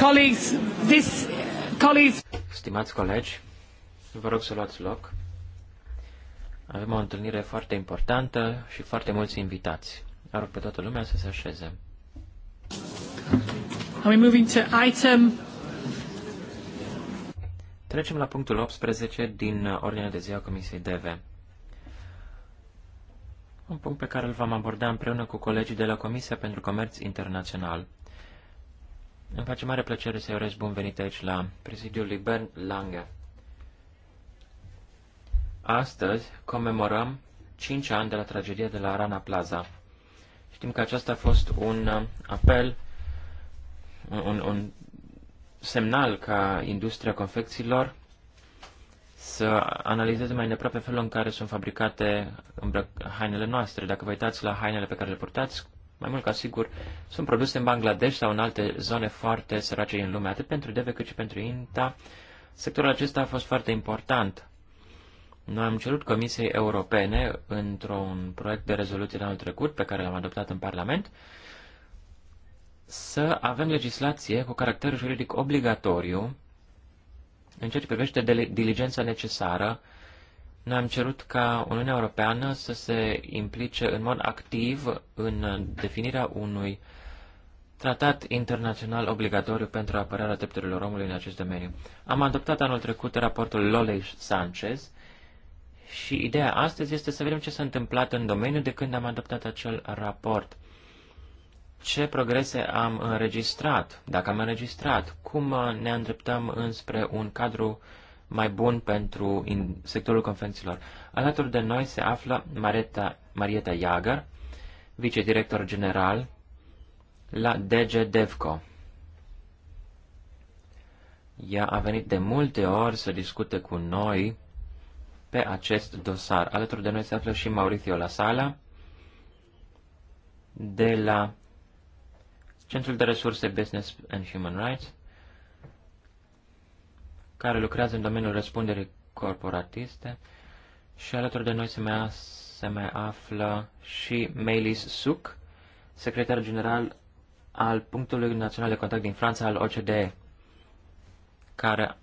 Colleagues, this, colleagues. Stimați colegi, vă rog să luați loc. Avem o întâlnire foarte importantă și foarte mulți invitați. Vă rog pe toată lumea să se așeze. Are we moving to item? Trecem la punctul 18 din ordinea de zi a Comisiei DV un punct pe care îl vom aborda împreună cu colegii de la Comisia pentru Comerț Internațional. Îmi face mare plăcere să-i urez bun venit aici la prezidiul lui Bernd Lange. Astăzi comemorăm 5 ani de la tragedia de la Rana Plaza. Știm că aceasta a fost un uh, apel, un, un semnal ca industria confecțiilor să analizeze mai îndeproape felul în care sunt fabricate hainele noastre. Dacă vă uitați la hainele pe care le purtați, mai mult ca sigur, sunt produse în Bangladesh sau în alte zone foarte sărace în lume, atât pentru DEVE cât și pentru INTA. Sectorul acesta a fost foarte important. Noi am cerut Comisiei Europene într-un proiect de rezoluție de anul trecut, pe care l-am adoptat în Parlament, să avem legislație cu caracter juridic obligatoriu în ceea ce privește diligența necesară, noi am cerut ca Uniunea Europeană să se implice în mod activ în definirea unui tratat internațional obligatoriu pentru apărarea drepturilor omului în acest domeniu. Am adoptat anul trecut raportul Lolei Sanchez și ideea astăzi este să vedem ce s-a întâmplat în domeniu de când am adoptat acel raport ce progrese am înregistrat, dacă am înregistrat, cum ne îndreptăm înspre un cadru mai bun pentru sectorul convențiilor. Alături de noi se află Marieta, Marieta Iager, vicedirector general la DG DEVCO. Ea a venit de multe ori să discute cu noi pe acest dosar. Alături de noi se află și Mauricio La Sala de la Centrul de Resurse Business and Human Rights, care lucrează în domeniul răspunderii corporatiste și alături de noi se mai, se mai află și Melis Suc, secretar general al punctului național de contact din Franța al OCDE, care a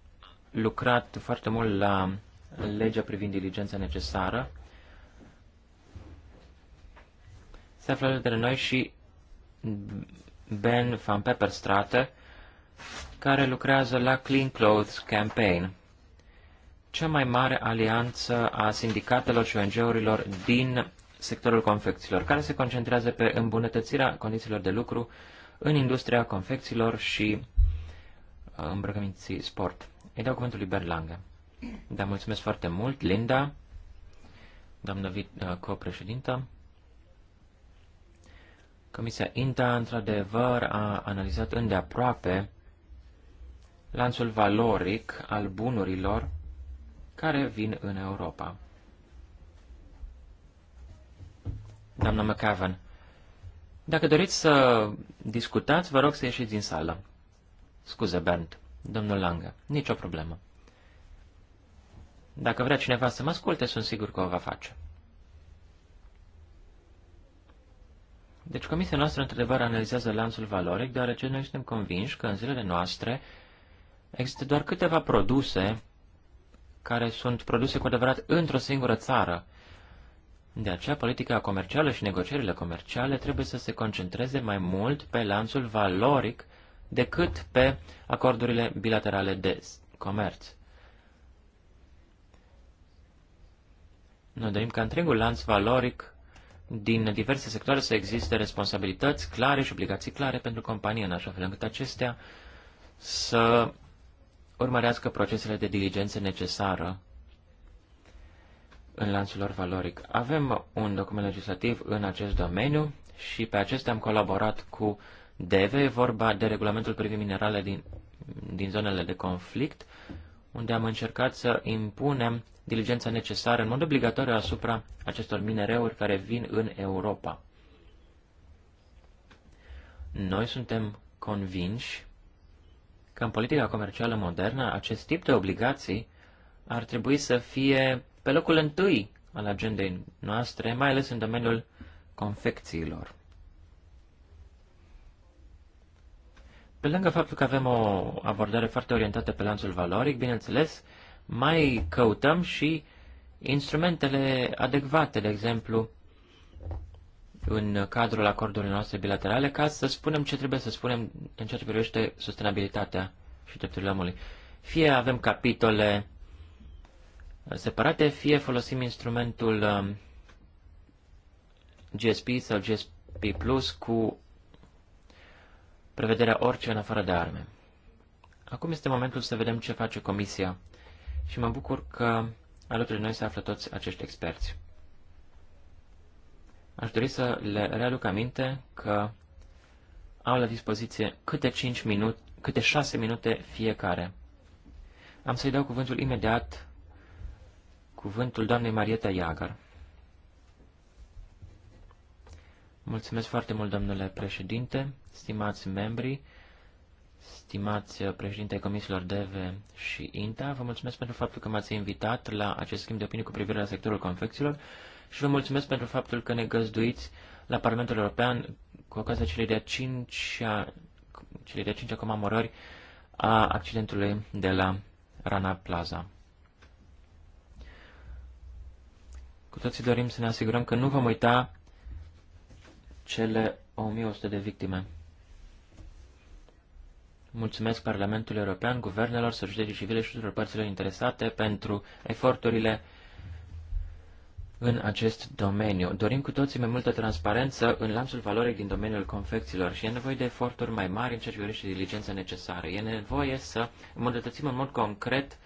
lucrat foarte mult la legea privind diligența necesară. Se află alături de noi și Ben van Pepperstrate, care lucrează la Clean Clothes Campaign, cea mai mare alianță a sindicatelor și ONG-urilor din sectorul confecțiilor, care se concentrează pe îmbunătățirea condițiilor de lucru în industria confecțiilor și uh, îmbrăcăminții sport. Îi dau cuvântul lui Berlanga. Da, mulțumesc foarte mult, Linda, doamnă uh, co-președintă. Comisia INTA, într-adevăr, a analizat îndeaproape lanțul valoric al bunurilor care vin în Europa. Doamna McAvan, dacă doriți să discutați, vă rog să ieșiți din sală. Scuze, Bernd, domnul Langă, nicio problemă. Dacă vrea cineva să mă asculte, sunt sigur că o va face. Deci comisia noastră, într-adevăr, analizează lanțul valoric, deoarece noi suntem convinși că în zilele noastre există doar câteva produse care sunt produse cu adevărat într-o singură țară. De aceea, politica comercială și negocierile comerciale trebuie să se concentreze mai mult pe lanțul valoric decât pe acordurile bilaterale de comerț. Noi dorim ca întregul lanț valoric din diverse sectoare să existe responsabilități clare și obligații clare pentru companie, în așa fel încât acestea să urmărească procesele de diligență necesară în lanțul lor valoric. Avem un document legislativ în acest domeniu și pe acestea am colaborat cu DEVE, vorba de regulamentul privind minerale din, din zonele de conflict, unde am încercat să impunem diligența necesară în mod obligatoriu asupra acestor minereuri care vin în Europa. Noi suntem convinși că în politica comercială modernă acest tip de obligații ar trebui să fie pe locul întâi al agendei noastre, mai ales în domeniul confecțiilor. Pe lângă faptul că avem o abordare foarte orientată pe lanțul valoric, bineînțeles, mai căutăm și instrumentele adecvate, de exemplu, în cadrul acordurilor noastre bilaterale, ca să spunem ce trebuie să spunem în ceea ce privește sustenabilitatea și drepturile omului. Fie avem capitole separate, fie folosim instrumentul um, GSP sau GSP Plus cu prevederea orice în afară de arme. Acum este momentul să vedem ce face Comisia și mă bucur că alături de noi se află toți acești experți. Aș dori să le readuc aminte că au la dispoziție câte 5 minute, câte 6 minute fiecare. Am să-i dau cuvântul imediat, cuvântul doamnei Marieta Iagar. Mulțumesc foarte mult, domnule președinte, stimați membri, Stimați uh, președinte comisiilor DEVE și INTA, vă mulțumesc pentru faptul că m-ați invitat la acest schimb de opinii cu privire la sectorul confecțiilor și vă mulțumesc pentru faptul că ne găzduiți la Parlamentul European cu ocazia celei de-a cincea, cele de-a cincea comemorări a accidentului de la Rana Plaza. Cu toții dorim să ne asigurăm că nu vom uita cele 1100 de victime. Mulțumesc Parlamentului European, guvernelor, societății civile și tuturor părților interesate pentru eforturile în acest domeniu. Dorim cu toții mai multă transparență în lanțul valorii din domeniul confecțiilor și e nevoie de eforturi mai mari în ceea ce privește diligența necesară. E nevoie să îmbunătățim în mod concret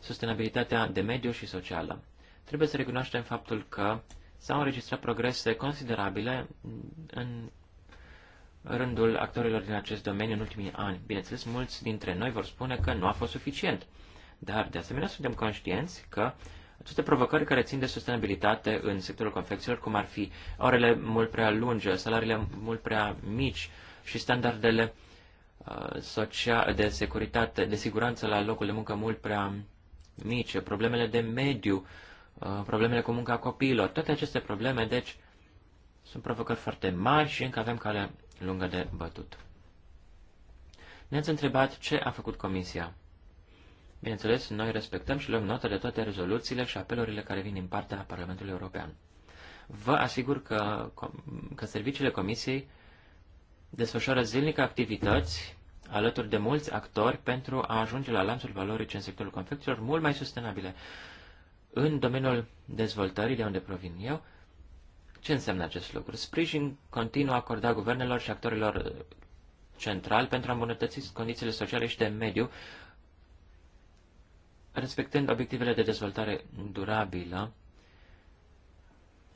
sustenabilitatea de mediu și socială. Trebuie să recunoaștem faptul că s-au înregistrat progrese considerabile în rândul actorilor din acest domeniu în ultimii ani. Bineînțeles, mulți dintre noi vor spune că nu a fost suficient, dar de asemenea suntem conștienți că aceste provocări care țin de sustenabilitate în sectorul confecțiilor, cum ar fi orele mult prea lungi, salariile mult prea mici și standardele uh, de securitate, de siguranță la locul de muncă mult prea mici, problemele de mediu, uh, problemele cu munca copiilor, toate aceste probleme, deci, sunt provocări foarte mari și încă avem cale lungă de bătut. Ne-ați întrebat ce a făcut comisia. Bineînțeles, noi respectăm și luăm notă de toate rezoluțiile și apelurile care vin din partea Parlamentului European. Vă asigur că, că serviciile comisiei desfășoară zilnic activități alături de mulți actori pentru a ajunge la lanțul valorice în sectorul confecțiilor mult mai sustenabile. În domeniul dezvoltării, de unde provin eu, ce înseamnă acest lucru? Sprijin continuă acordat guvernelor și actorilor uh, centrali pentru a îmbunătăți condițiile sociale și de mediu, respectând obiectivele de dezvoltare durabilă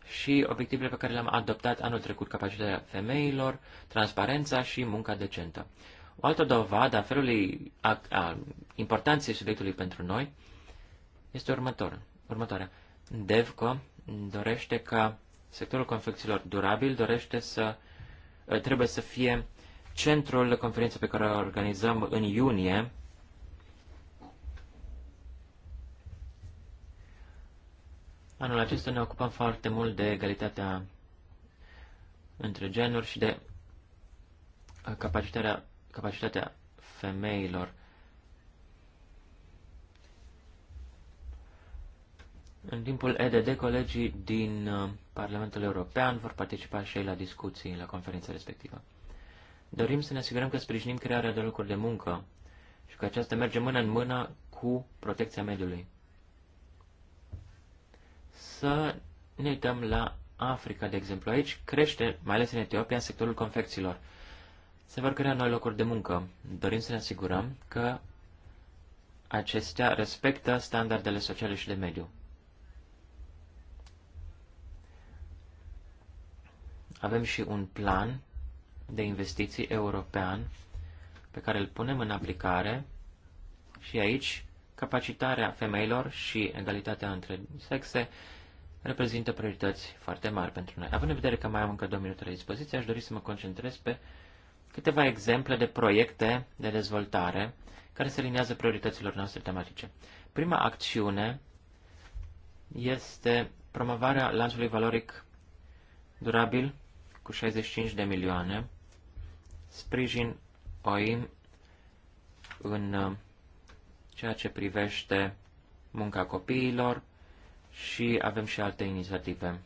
și obiectivele pe care le-am adoptat anul trecut, capacitatea femeilor, transparența și munca decentă. O altă dovadă a felului a, a importanței subiectului pentru noi este următor, următoarea. DEVCO dorește ca Sectorul confecțiilor durabil dorește să ă, trebuie să fie centrul conferinței pe care o organizăm în iunie. Anul acesta ne ocupăm foarte mult de egalitatea între genuri și de ă, capacitatea, capacitatea femeilor. În timpul EDD, colegii din uh, Parlamentul European vor participa și ei la discuții la conferința respectivă. Dorim să ne asigurăm că sprijinim crearea de locuri de muncă și că aceasta merge mână în mână cu protecția mediului. Să ne uităm la Africa, de exemplu. Aici crește, mai ales în Etiopia, în sectorul confecțiilor. Se vor crea noi locuri de muncă. Dorim să ne asigurăm că acestea respectă standardele sociale și de mediu. Avem și un plan de investiții european pe care îl punem în aplicare și aici capacitarea femeilor și egalitatea între sexe reprezintă priorități foarte mari pentru noi. Având în vedere că mai am încă două minute la dispoziție, aș dori să mă concentrez pe câteva exemple de proiecte de dezvoltare care se linează priorităților noastre tematice. Prima acțiune este promovarea lanțului valoric durabil cu 65 de milioane, sprijin OIM în uh, ceea ce privește munca copiilor și avem și alte inițiative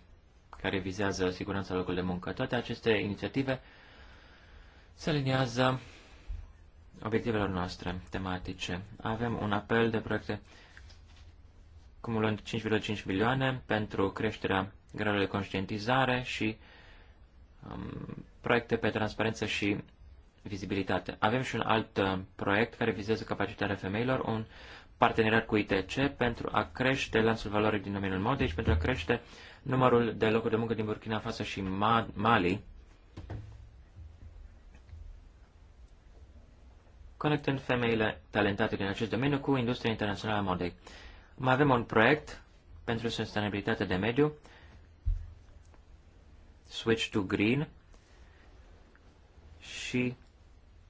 care vizează siguranța locului de muncă. Toate aceste inițiative se aliniază obiectivelor noastre tematice. Avem un apel de proiecte cumulând 5,5 milioane pentru creșterea gradului de conștientizare și um, proiecte pe transparență și vizibilitate. Avem și un alt uh, proiect care vizează capacitatea femeilor, un parteneriat cu ITC pentru a crește lansul valoric din domeniul modei și pentru a crește numărul de locuri de muncă din Burkina Faso și Mali. conectând femeile talentate din acest domeniu cu industria internațională a modei. Mai avem un proiect pentru sustenabilitate de mediu, Switch to Green și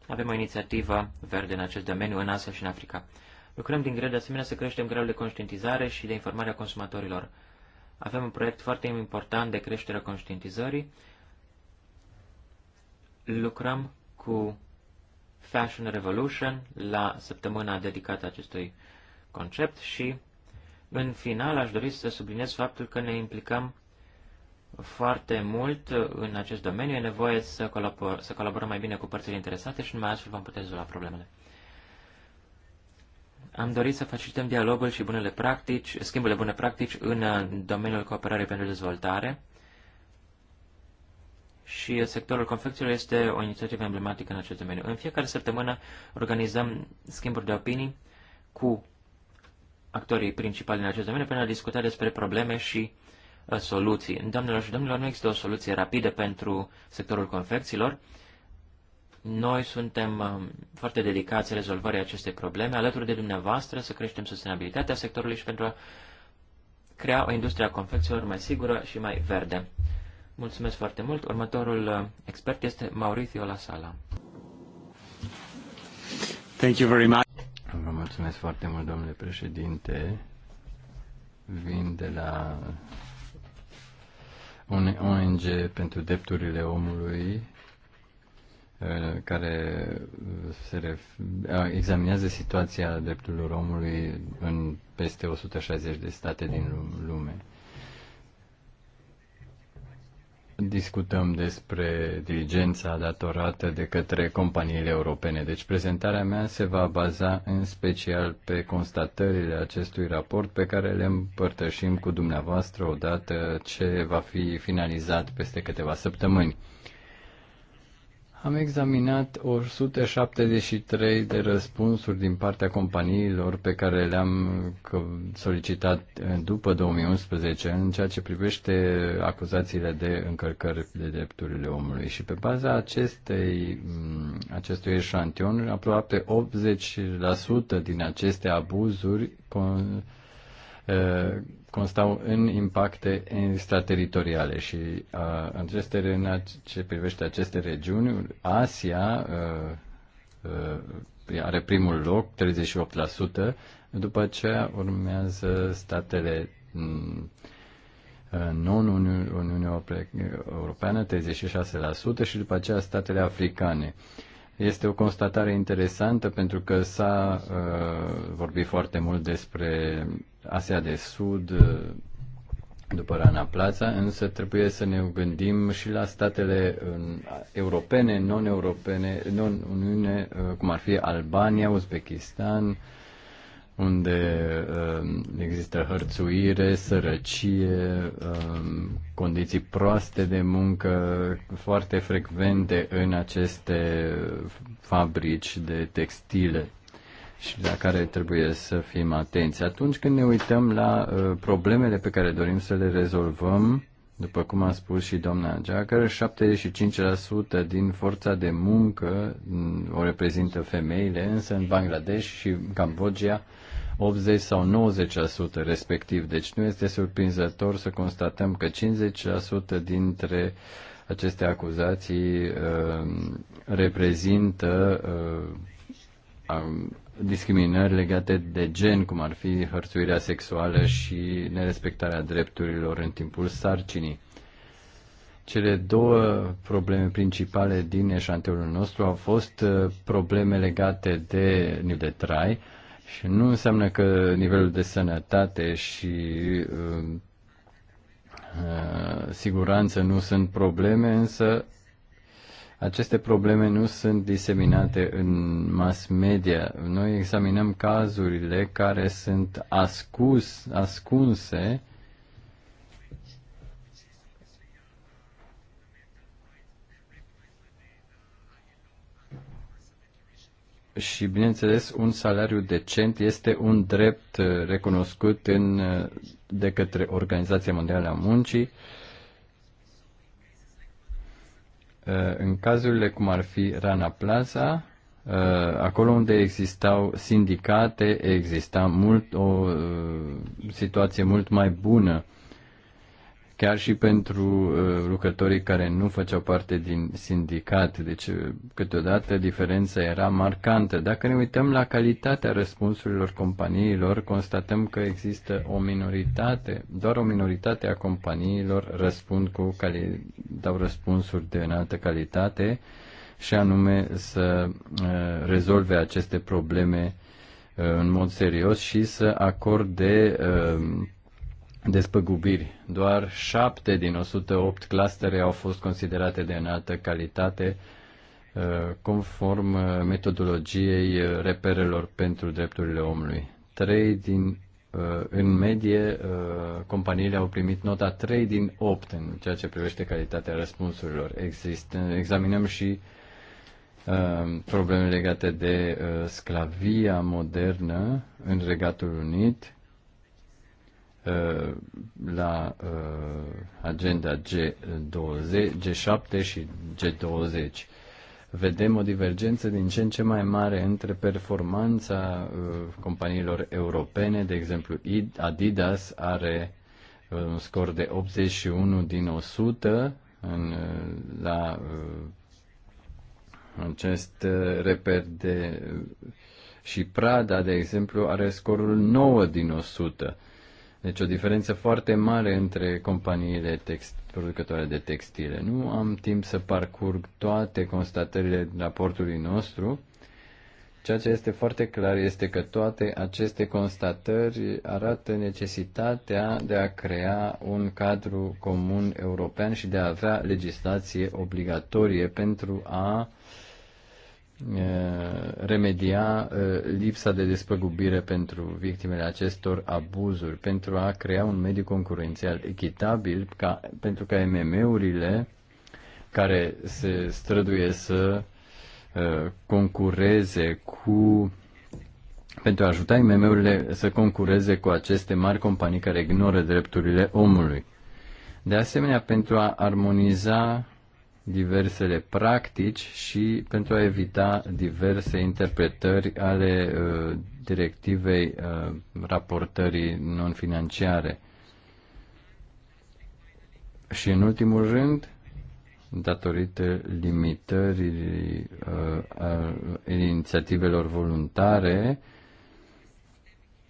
avem o inițiativă verde în acest domeniu în Asia și în Africa. Lucrăm din greu de asemenea să creștem gradul de conștientizare și de informare a consumatorilor. Avem un proiect foarte important de creștere a conștientizării. Lucrăm cu Fashion Revolution la săptămâna dedicată acestui concept și, în final, aș dori să subliniez faptul că ne implicăm foarte mult în acest domeniu. E nevoie să, colabor, să colaborăm mai bine cu părțile interesate și numai astfel vom putea rezolva problemele. Am dorit să facilităm dialogul și bunele practici, schimburile bune practici în uh, domeniul cooperării pentru dezvoltare. Și uh, sectorul confecțiilor este o inițiativă emblematică în acest domeniu. În fiecare săptămână organizăm schimburi de opinii cu actorii principali în acest domeniu pentru a discuta despre probleme și Uh, soluții. Doamnelor și domnilor, nu există o soluție rapidă pentru sectorul confecțiilor. Noi suntem um, foarte dedicați rezolvării acestei probleme, alături de dumneavoastră, să creștem sustenabilitatea sectorului și pentru a crea o industrie a confecțiilor mai sigură și mai verde. Mulțumesc foarte mult. Următorul uh, expert este Mauricio La Sala. Thank you very much. Vă mulțumesc foarte mult, domnule președinte. Vin de la un ONG pentru drepturile omului uh, care uh, se ref, examinează situația drepturilor omului în peste 160 de state din lume discutăm despre diligența datorată de către companiile europene. Deci prezentarea mea se va baza în special pe constatările acestui raport pe care le împărtășim cu dumneavoastră odată ce va fi finalizat peste câteva săptămâni. Am examinat 173 de răspunsuri din partea companiilor pe care le-am solicitat eh, după 2011 în ceea ce privește acuzațiile de încălcări de drepturile omului și pe baza acestei, mm, acestui eșantion, aproape 80% din aceste abuzuri con, eh, constau în impacte extrateritoriale și în, uh, aceste, în ce privește aceste regiuni, Asia uh, uh, are primul loc, 38%, după aceea urmează statele mm, uh, non-Uniunea Europeană, 36% și după aceea statele africane. Uh, este o constatare interesantă pentru că s-a uh, vorbit foarte mult despre Asia de Sud uh, după Rana Plaza, însă trebuie să ne gândim și la statele europene, non-europene, non-Uniune, uh, cum ar fi Albania, Uzbekistan, unde um, există hărțuire, sărăcie, um, condiții proaste de muncă foarte frecvente în aceste fabrici de textile și la care trebuie să fim atenți. Atunci când ne uităm la uh, problemele pe care dorim să le rezolvăm, după cum a spus și doamna Jacker, 75% din forța de muncă mm, o reprezintă femeile, însă în Bangladesh și Cambodgia 80 sau 90% respectiv. Deci nu este surprinzător să constatăm că 50% dintre aceste acuzații uh, reprezintă uh, um, discriminări legate de gen, cum ar fi hărțuirea sexuală și nerespectarea drepturilor în timpul sarcinii. Cele două probleme principale din eșantelul nostru au fost uh, probleme legate de nivel de trai, și nu înseamnă că nivelul de sănătate și um, uh, siguranță nu sunt probleme, însă aceste probleme nu sunt diseminate în mass media. Noi examinăm cazurile care sunt ascus, ascunse și, bineînțeles, un salariu decent este un drept uh, recunoscut în, uh, de către Organizația Mondială a Muncii. Uh, în cazurile cum ar fi Rana Plaza, acolo unde existau sindicate, exista mult, o situație mult mai bună chiar și pentru uh, lucrătorii care nu făceau parte din sindicat. Deci, uh, câteodată, diferența era marcantă. Dacă ne uităm la calitatea răspunsurilor companiilor, constatăm că există o minoritate, doar o minoritate a companiilor răspund cu, cali, dau răspunsuri de înaltă calitate și anume să uh, rezolve aceste probleme în mod serios și să acorde despăgubiri. Doar 7 din 108 clustere au fost considerate de înaltă calitate uh, conform uh, metodologiei uh, reperelor pentru drepturile omului. 3 din în medie, companiile au primit nota 3 din 8 în ceea ce privește calitatea răspunsurilor. Exist, examinăm și probleme legate de sclavia modernă în Regatul Unit, Uh, la uh, agenda G20, G7 și G20. Vedem o divergență din ce în ce mai mare între performanța uh, companiilor europene, de exemplu Adidas are un scor de 81 din 100 în, la acest reper de și Prada, de exemplu, are scorul 9 din 100 deci o diferență foarte mare între companiile text, producătoare de textile. Nu am timp să parcurg toate constatările raportului nostru. Ceea ce este foarte clar este că toate aceste constatări arată necesitatea de a crea un cadru comun european și de a avea legislație obligatorie pentru a uh, remedia lipsa de despăgubire pentru victimele acestor abuzuri, pentru a crea un mediu concurențial echitabil, ca, pentru ca MM-urile care se străduie să concureze cu pentru a ajuta IMM-urile să concureze cu aceste mari companii care ignoră drepturile omului. De asemenea, pentru a armoniza diversele practici și pentru a evita diverse interpretări ale uh, directivei uh, raportării non-financiare. Și în ultimul rând, datorită limitării uh, a inițiativelor voluntare, uh,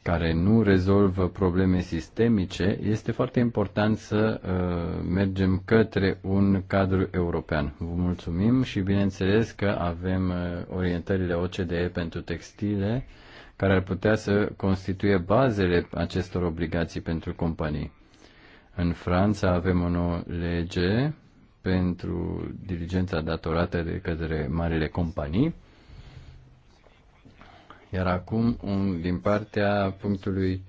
care nu rezolvă probleme sistemice, este foarte important să uh, mergem către un cadru european. Vă mulțumim și bineînțeles că avem uh, orientările OCDE pentru textile care ar putea să constituie bazele acestor obligații pentru companii. În Franța avem o nouă lege pentru diligența datorată de către marile companii iar acum, un, din partea punctului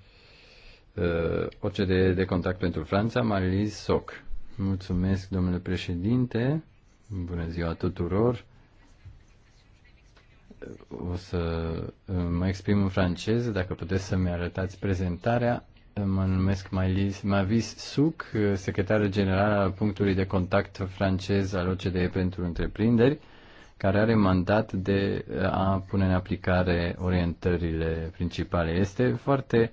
uh, OCDE de contact pentru Franța, Marilis Soc. Mulțumesc, domnule președinte. Bună ziua tuturor. O să uh, mă exprim în franceză, dacă puteți să-mi arătați prezentarea. Mă numesc Mavis Suc, secretar general al punctului de contact francez al OCDE pentru întreprinderi care are mandat de uh, a pune în aplicare orientările principale. Este foarte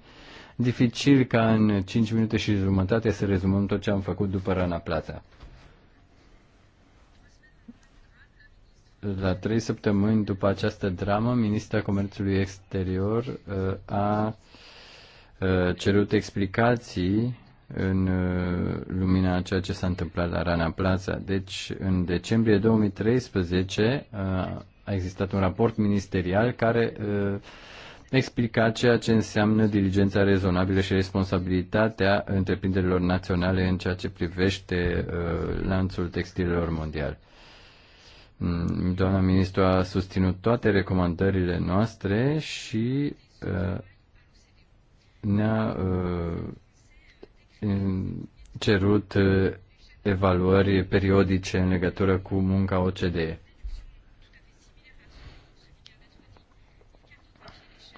dificil ca în 5 minute și jumătate să rezumăm tot ce am făcut după Rana Plața. La trei săptămâni după această dramă, ministra Comerțului Exterior uh, a uh, cerut explicații în uh, lumina a ceea ce s-a întâmplat la Rana Plaza. Deci, în decembrie 2013 uh, a existat un raport ministerial care uh, explica ceea ce înseamnă diligența rezonabilă și responsabilitatea întreprinderilor naționale în ceea ce privește lanțul textilelor mondial. Mm, doamna ministru a susținut toate recomandările noastre și ne-a cerut uh, evaluări periodice în legătură cu munca OCDE.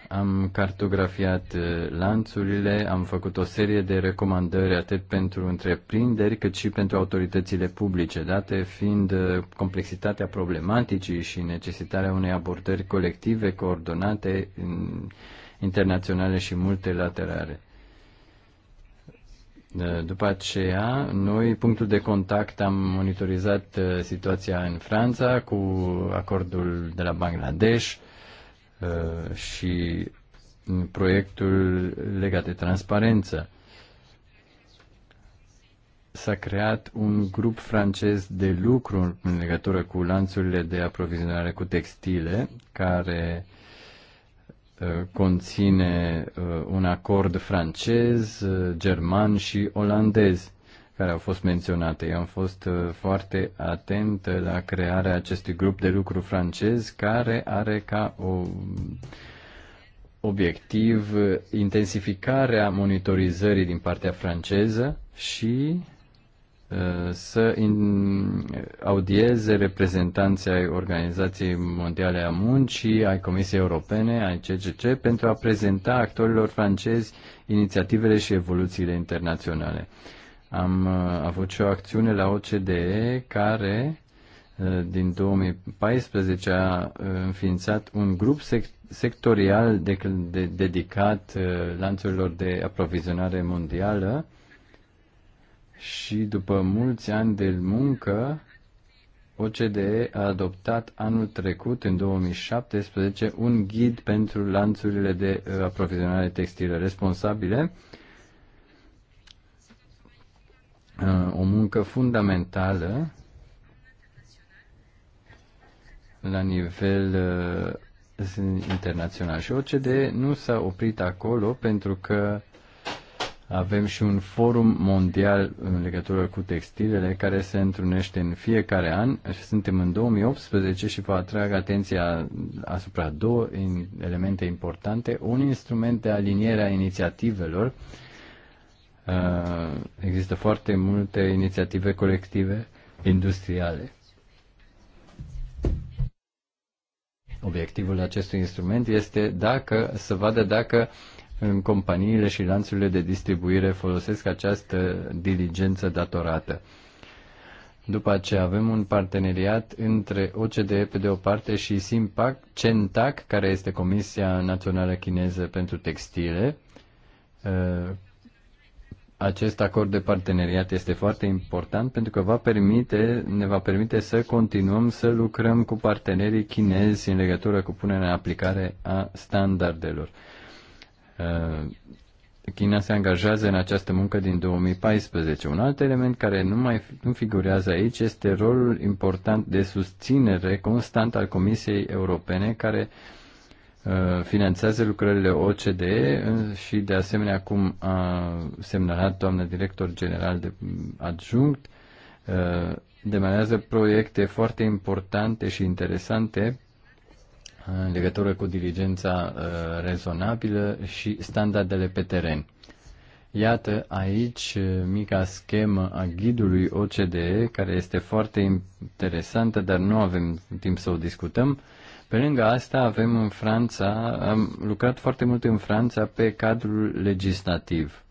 Am cartografiat uh, lanțurile, am făcut o serie de recomandări atât pentru întreprinderi cât și pentru autoritățile publice, date fiind uh, complexitatea problematicii și necesitarea unei abordări colective, coordonate, internaționale și multilaterale. Eh, după aceea, noi, punctul de contact, am monitorizat eh, situația în Franța cu acordul de la Bangladesh eh, și proiectul legat de transparență. S-a creat un grup francez de lucru în legătură cu lanțurile de aprovizionare cu textile, care uh, Uh, conține uh, un acord francez, uh, german și olandez care au fost menționate. Eu am fost foarte atent la crearea acestui grup de lucru francez care are ca o obiectiv intensificarea monitorizării din partea franceză și să audieze reprezentanții ai Organizației Mondiale a Muncii, ai Comisiei Europene, ai CGC, pentru a prezenta actorilor francezi inițiativele și evoluțiile internaționale. Am uh, avut și o acțiune la OCDE care uh, din 2014 a uh, înființat un grup sectorial de, de, dedicat lanțurilor de aprovizionare mondială și după mulți ani de muncă, OCDE a adoptat anul trecut, în 2017, un ghid pentru lanțurile de uh, aprovizionare textile responsabile, uh, o muncă fundamentală la nivel uh, internațional. Și OCDE nu s-a oprit acolo pentru că avem și un forum mondial în legătură cu textilele care se întrunește în fiecare an. Suntem în 2018 și vă atrag atenția asupra două elemente importante. Un instrument de aliniere a inițiativelor. Uh, există foarte multe inițiative colective industriale. Obiectivul acestui instrument este dacă să vadă dacă uh, în companiile și lanțurile de distribuire folosesc această diligență datorată. După aceea avem un parteneriat între OCDE pe de o parte și SIMPAC, CENTAC, care este Comisia Națională Chineză pentru Textile. Uh, acest acord de parteneriat este foarte important pentru că va permite, ne va permite să continuăm să lucrăm cu partenerii chinezi în legătură cu punerea în aplicare a standardelor. Uh, China se angajează în această muncă din 2014. Un alt element care nu mai nu figurează aici este rolul important de susținere constant al Comisiei Europene care uh, finanțează lucrările OCDE și de asemenea, cum a semnalat doamna director general de adjunct, uh, demarează proiecte foarte importante și interesante în legătură cu diligența uh, rezonabilă și standardele pe teren. Iată aici uh, mica schemă a ghidului OCDE, care este foarte interesantă, dar nu avem timp să o discutăm. Pe lângă asta avem în Franța, am lucrat foarte mult în Franța pe cadrul legislativ.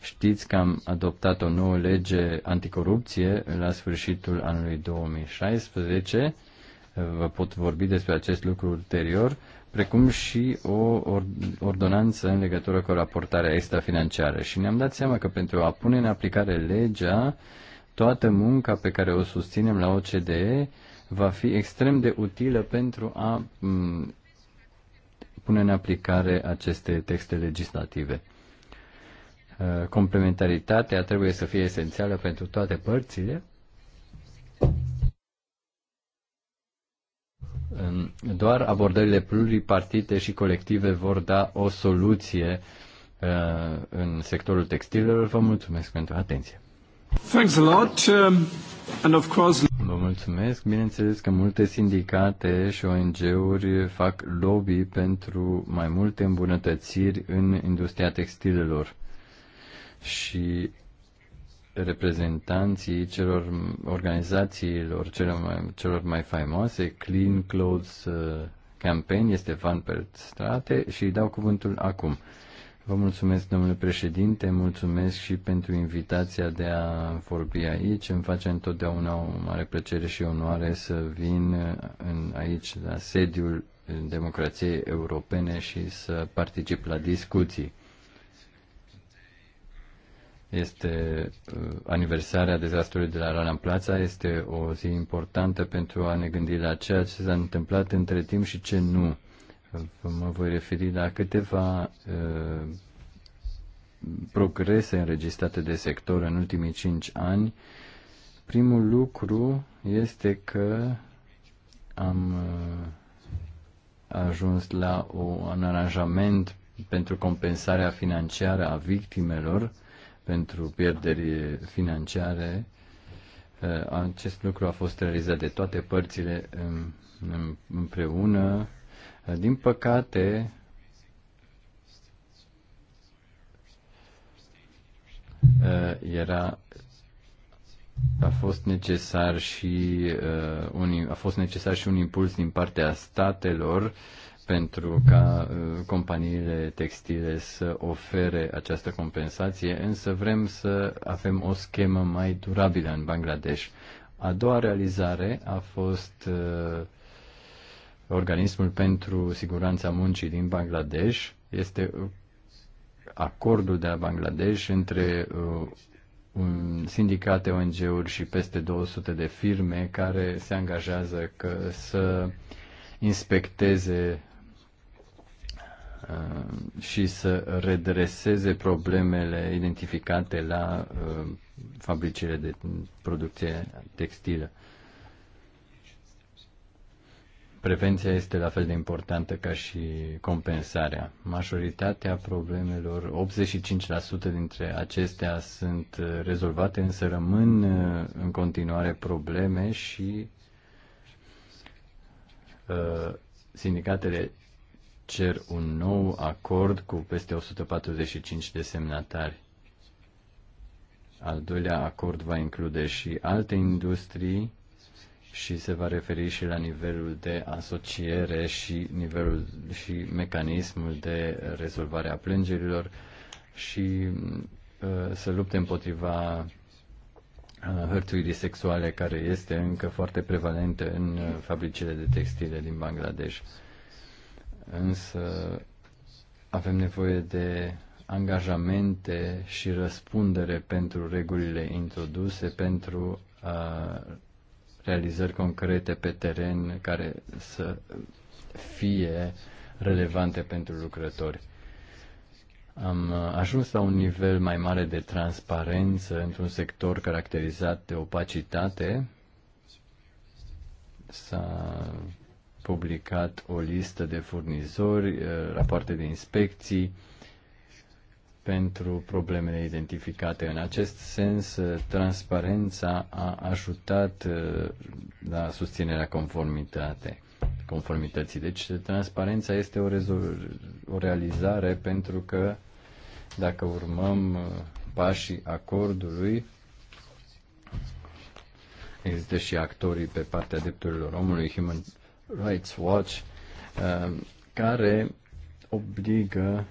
Știți că am adoptat o nouă lege anticorupție la sfârșitul anului 2016 Vă pot vorbi despre acest lucru ulterior, precum și o ordonanță în legătură cu raportarea financiară. Și ne-am dat seama că pentru a pune în aplicare legea, toată munca pe care o susținem la OCDE va fi extrem de utilă pentru a pune în aplicare aceste texte legislative. Ă, complementaritatea trebuie să fie esențială pentru toate părțile Doar abordările pluripartite și colective vor da o soluție uh, în sectorul textilelor. Vă mulțumesc pentru atenție. Thanks a lot. Um, and of course... Vă mulțumesc. Bineînțeles că multe sindicate și ONG-uri fac lobby pentru mai multe îmbunătățiri în industria textilelor. Și reprezentanții celor organizațiilor celor mai, celor mai faimoase, Clean Clothes uh, Campaign, este Van Strate și îi dau cuvântul acum. Vă mulțumesc, domnule președinte, mulțumesc și pentru invitația de a vorbi aici. Îmi face întotdeauna o mare plăcere și onoare să vin uh, în, aici la sediul democrației europene și să particip la discuții. Este uh, aniversarea dezastrului de la Rana Plața, este o zi importantă pentru a ne gândi la ceea ce s-a întâmplat între timp și ce nu. Uh, mă voi referi la câteva uh, progrese înregistrate de sector în ultimii cinci ani. Primul lucru este că am uh, ajuns la o, un aranjament pentru compensarea financiară a victimelor pentru pierderi financiare. Uh, acest lucru a fost realizat de toate părțile um, um, împreună. Uh, din păcate, uh, era a fost necesar și uh, un, a fost necesar și un impuls din partea statelor pentru ca uh, companiile textile să ofere această compensație, însă vrem să avem o schemă mai durabilă în Bangladesh. A doua realizare a fost uh, Organismul pentru Siguranța Muncii din Bangladesh. Este uh, acordul de la Bangladesh între un sindicate, ONG-uri și peste 200 de firme care se angajează că să inspecteze Uh, și să redreseze problemele identificate la uh, fabricile de producție textilă. Prevenția este la fel de importantă ca și compensarea. Majoritatea problemelor, 85% dintre acestea sunt uh, rezolvate, însă rămân în continuare probleme și sindicatele cer un nou acord cu peste 145 de semnatari. Al doilea acord va include și alte industrii și se va referi și la nivelul de asociere și nivelul și mecanismul de rezolvare a plângerilor și uh, să lupte împotriva uh, hărțuirii sexuale care este încă foarte prevalentă în uh, fabricile de textile din Bangladesh însă avem nevoie de angajamente și răspundere pentru regulile introduse, pentru uh, realizări concrete pe teren care să fie relevante pentru lucrători. Am uh, ajuns la un nivel mai mare de transparență într-un sector caracterizat de opacitate. S-a publicat o listă de furnizori, eh, rapoarte de inspecții pentru problemele identificate. În acest sens, eh, transparența a ajutat eh, la susținerea conformitate, conformității. Deci, transparența este o, o realizare pentru că dacă urmăm pașii acordului, există și actorii pe partea drepturilor omului, Human Rights Watch, um, care obligă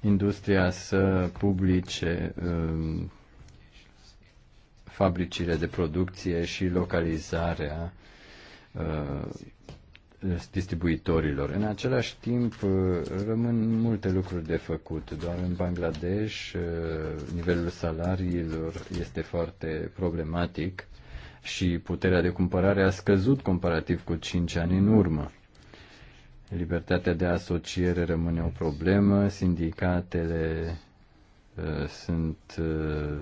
industria să publice um, fabricile de producție și localizarea uh, distribuitorilor. În același timp, uh, rămân multe lucruri de făcut. Doar în Bangladesh, uh, nivelul salariilor este foarte problematic și puterea de cumpărare a scăzut comparativ cu 5 ani în urmă. Libertatea de asociere rămâne o problemă, sindicatele uh, sunt uh,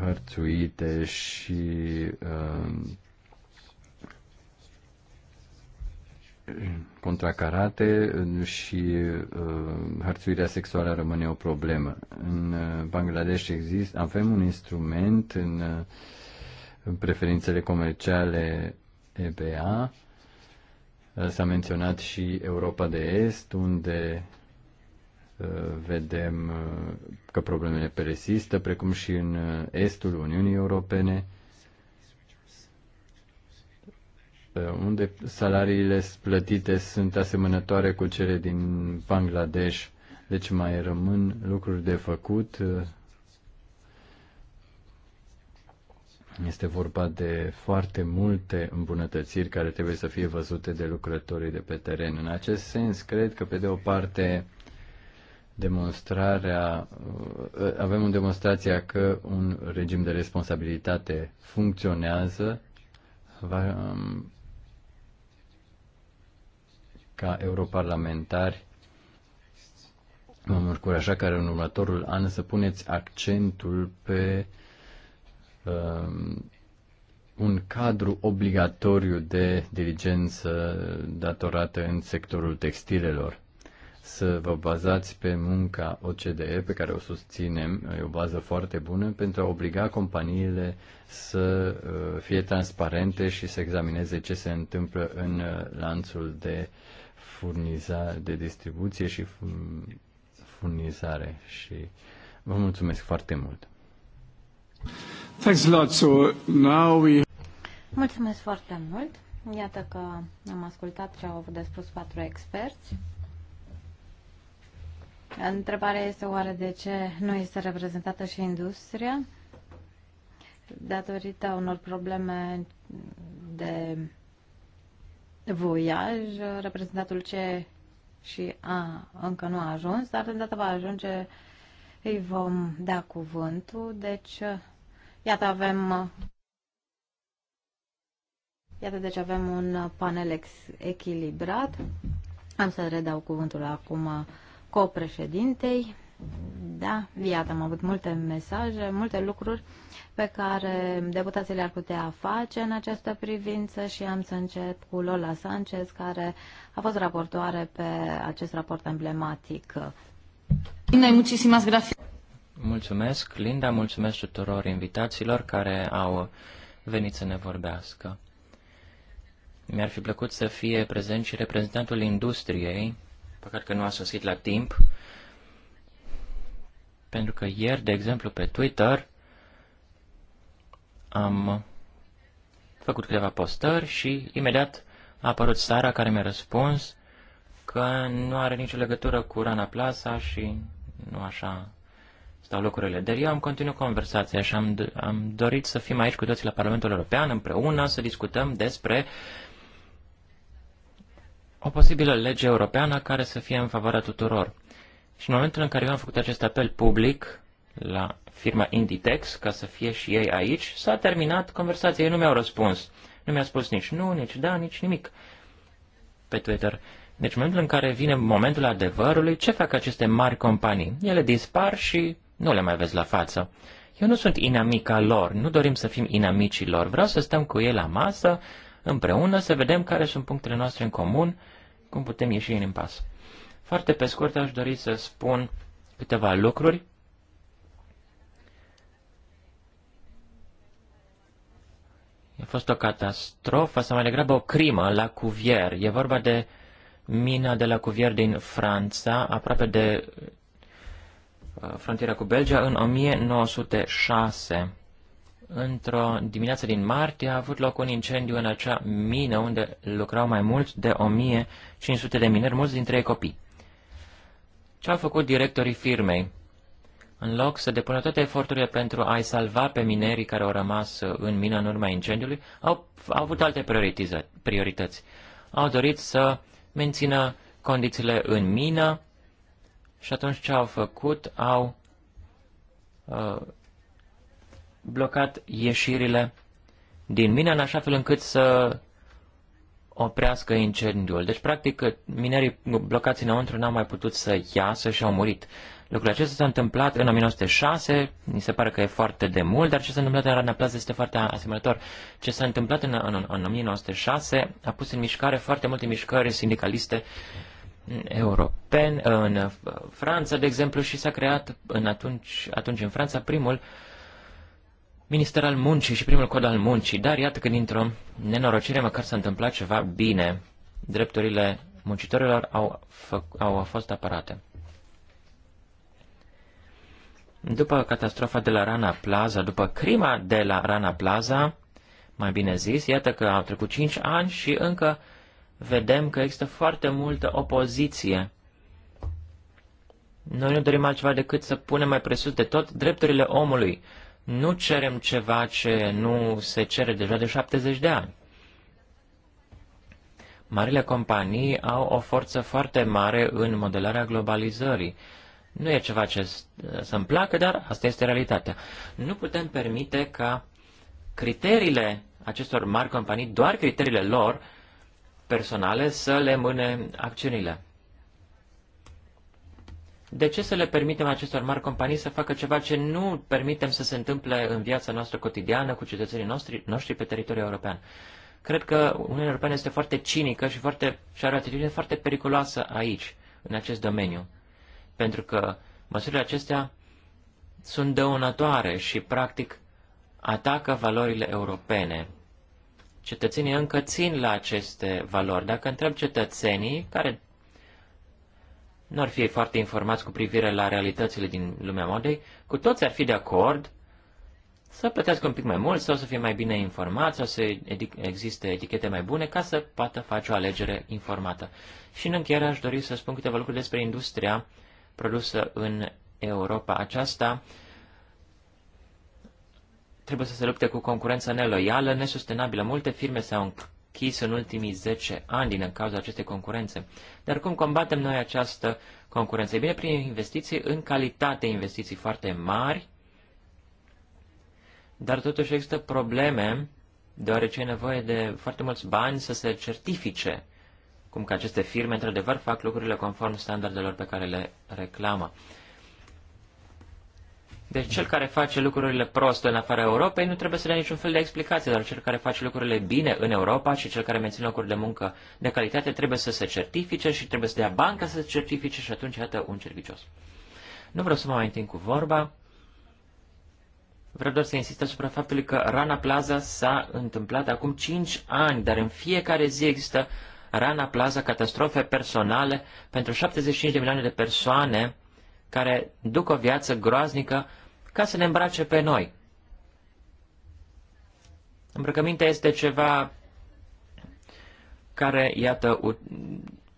hărțuite și uh, Contra karate și uh, hărțuirea sexuală rămâne o problemă. În uh, Bangladesh există, avem un instrument în uh, preferințele comerciale EBA, s-a menționat și Europa de Est, unde vedem că problemele persistă, precum și în estul Uniunii Europene, Uh, unde salariile plătite sunt asemănătoare cu cele din Bangladesh, deci mai rămân lucruri de făcut. Este vorba de foarte multe îmbunătățiri care trebuie să fie văzute de lucrătorii de pe teren. În acest sens, cred că, pe de o parte, demonstrarea, uh, avem o demonstrație că un regim de responsabilitate funcționează, um, ca europarlamentari, v-am încuraja ca în următorul an să puneți accentul pe um, un cadru obligatoriu de diligență datorată în sectorul textilelor. Să vă bazați pe munca OCDE, pe care o susținem, e o bază foarte bună, pentru a obliga companiile să uh, fie transparente și să examineze ce se întâmplă în uh, lanțul de uh, furnizare, de distribuție și furnizare și vă mulțumesc foarte mult. Thanks a lot. So now we... Mulțumesc foarte mult. Iată că am ascultat ce au avut de spus patru experți. Întrebarea este oare de ce nu este reprezentată și industria datorită unor probleme de voiaj, reprezentatul ce și a, încă nu a ajuns, dar de data va ajunge, îi vom da cuvântul. Deci, iată, avem Iată, deci avem un panel ex echilibrat. Am să redau cuvântul acum copreședintei. Da, iată, am avut multe mesaje, multe lucruri pe care deputații le-ar putea face în această privință și am să încep cu Lola Sanchez, care a fost raportoare pe acest raport emblematic. Mulțumesc, Linda, mulțumesc tuturor invitațiilor care au venit să ne vorbească. Mi-ar fi plăcut să fie prezent și reprezentantul industriei, păcat că nu a sosit la timp, pentru că ieri, de exemplu, pe Twitter am făcut câteva postări și imediat a apărut Sara care mi-a răspuns că nu are nicio legătură cu Rana Plaza și nu așa stau lucrurile. Dar eu am continuat conversația și am, am dorit să fim aici cu toți la Parlamentul European împreună să discutăm despre o posibilă lege europeană care să fie în favoarea tuturor. Și în momentul în care eu am făcut acest apel public la firma Inditex, ca să fie și ei aici, s-a terminat conversația. Ei nu mi-au răspuns. Nu mi-a spus nici nu, nici da, nici nimic pe Twitter. Deci în momentul în care vine momentul adevărului, ce fac aceste mari companii? Ele dispar și nu le mai vezi la față. Eu nu sunt inamica lor, nu dorim să fim inamicii lor. Vreau să stăm cu ei la masă, împreună, să vedem care sunt punctele noastre în comun, cum putem ieși în impas. Foarte pe scurt aș dori să spun câteva lucruri. A fost o catastrofă, sau mai degrabă o crimă, la Cuvier. E vorba de mina de la Cuvier din Franța, aproape de uh, frontiera cu Belgia, în 1906. Într-o dimineață din martie a avut loc un incendiu în acea mină unde lucrau mai mult de 1500 de mineri, mulți dintre ei copii. Ce au făcut directorii firmei? În loc să depună toate eforturile pentru a-i salva pe minerii care au rămas uh, în mină în urma incendiului, au, au avut alte priorități. Au dorit să mențină condițiile în mină și atunci ce au făcut? Au uh, blocat ieșirile din mină în așa fel încât să oprească incendiul. Deci, practic, minerii blocați înăuntru n-au mai putut să iasă și au murit. Lucrul acesta s-a întâmplat în 1906, mi se pare că e foarte de mult, dar ce s-a întâmplat în Rana Plaza este foarte asemănător. Ce s-a întâmplat în, în, în 1906 a pus în mișcare foarte multe mișcări sindicaliste europene, în Franța, de exemplu, și s-a creat în atunci, atunci în Franța primul minister al muncii și primul cod al muncii, dar iată că dintr-o nenorocire măcar s-a întâmplat ceva bine. Drepturile muncitorilor au, au fost apărate. După catastrofa de la Rana Plaza, după crima de la Rana Plaza, mai bine zis, iată că au trecut 5 ani și încă vedem că există foarte multă opoziție. Noi nu dorim altceva decât să punem mai presus de tot drepturile omului. Nu cerem ceva ce nu se cere deja de 70 de ani. Marile companii au o forță foarte mare în modelarea globalizării. Nu e ceva ce să-mi placă, dar asta este realitatea. Nu putem permite ca criteriile acestor mari companii, doar criteriile lor personale, să le mâne acțiunile. De ce să le permitem acestor mari companii să facă ceva ce nu permitem să se întâmple în viața noastră cotidiană cu cetățenii noștri, noștri pe teritoriul european? Cred că Uniunea Europeană este foarte cinică și, foarte, și are o atitudine foarte periculoasă aici, în acest domeniu. Pentru că măsurile acestea sunt dăunătoare și, practic, atacă valorile europene. Cetățenii încă țin la aceste valori. Dacă întreb cetățenii care nu ar fi foarte informați cu privire la realitățile din lumea modei, cu toți ar fi de acord să plătească un pic mai mult sau să fie mai bine informați sau să existe etichete mai bune ca să poată face o alegere informată. Și în încheiere aș dori să spun câteva lucruri despre industria produsă în Europa. Aceasta trebuie să se lupte cu concurența neloială, nesustenabilă. Multe firme s-au închis în ultimii 10 ani din cauza acestei concurențe. Dar cum combatem noi această concurență? E bine, prin investiții în calitate, investiții foarte mari, dar totuși există probleme, deoarece e nevoie de foarte mulți bani să se certifice cum că aceste firme, într-adevăr, fac lucrurile conform standardelor pe care le reclamă. Deci cel care face lucrurile prost în afara Europei nu trebuie să dea niciun fel de explicație, dar cel care face lucrurile bine în Europa și cel care menține locuri de muncă de calitate trebuie să se certifice și trebuie să dea banca să se certifice și atunci iată un cervicios. Nu vreau să mă mai întind cu vorba. Vreau doar să insist asupra faptului că Rana Plaza s-a întâmplat acum 5 ani, dar în fiecare zi există Rana Plaza, catastrofe personale pentru 75 de milioane de persoane care duc o viață groaznică ca să ne îmbrace pe noi. Îmbrăcămintea este ceva care, iată,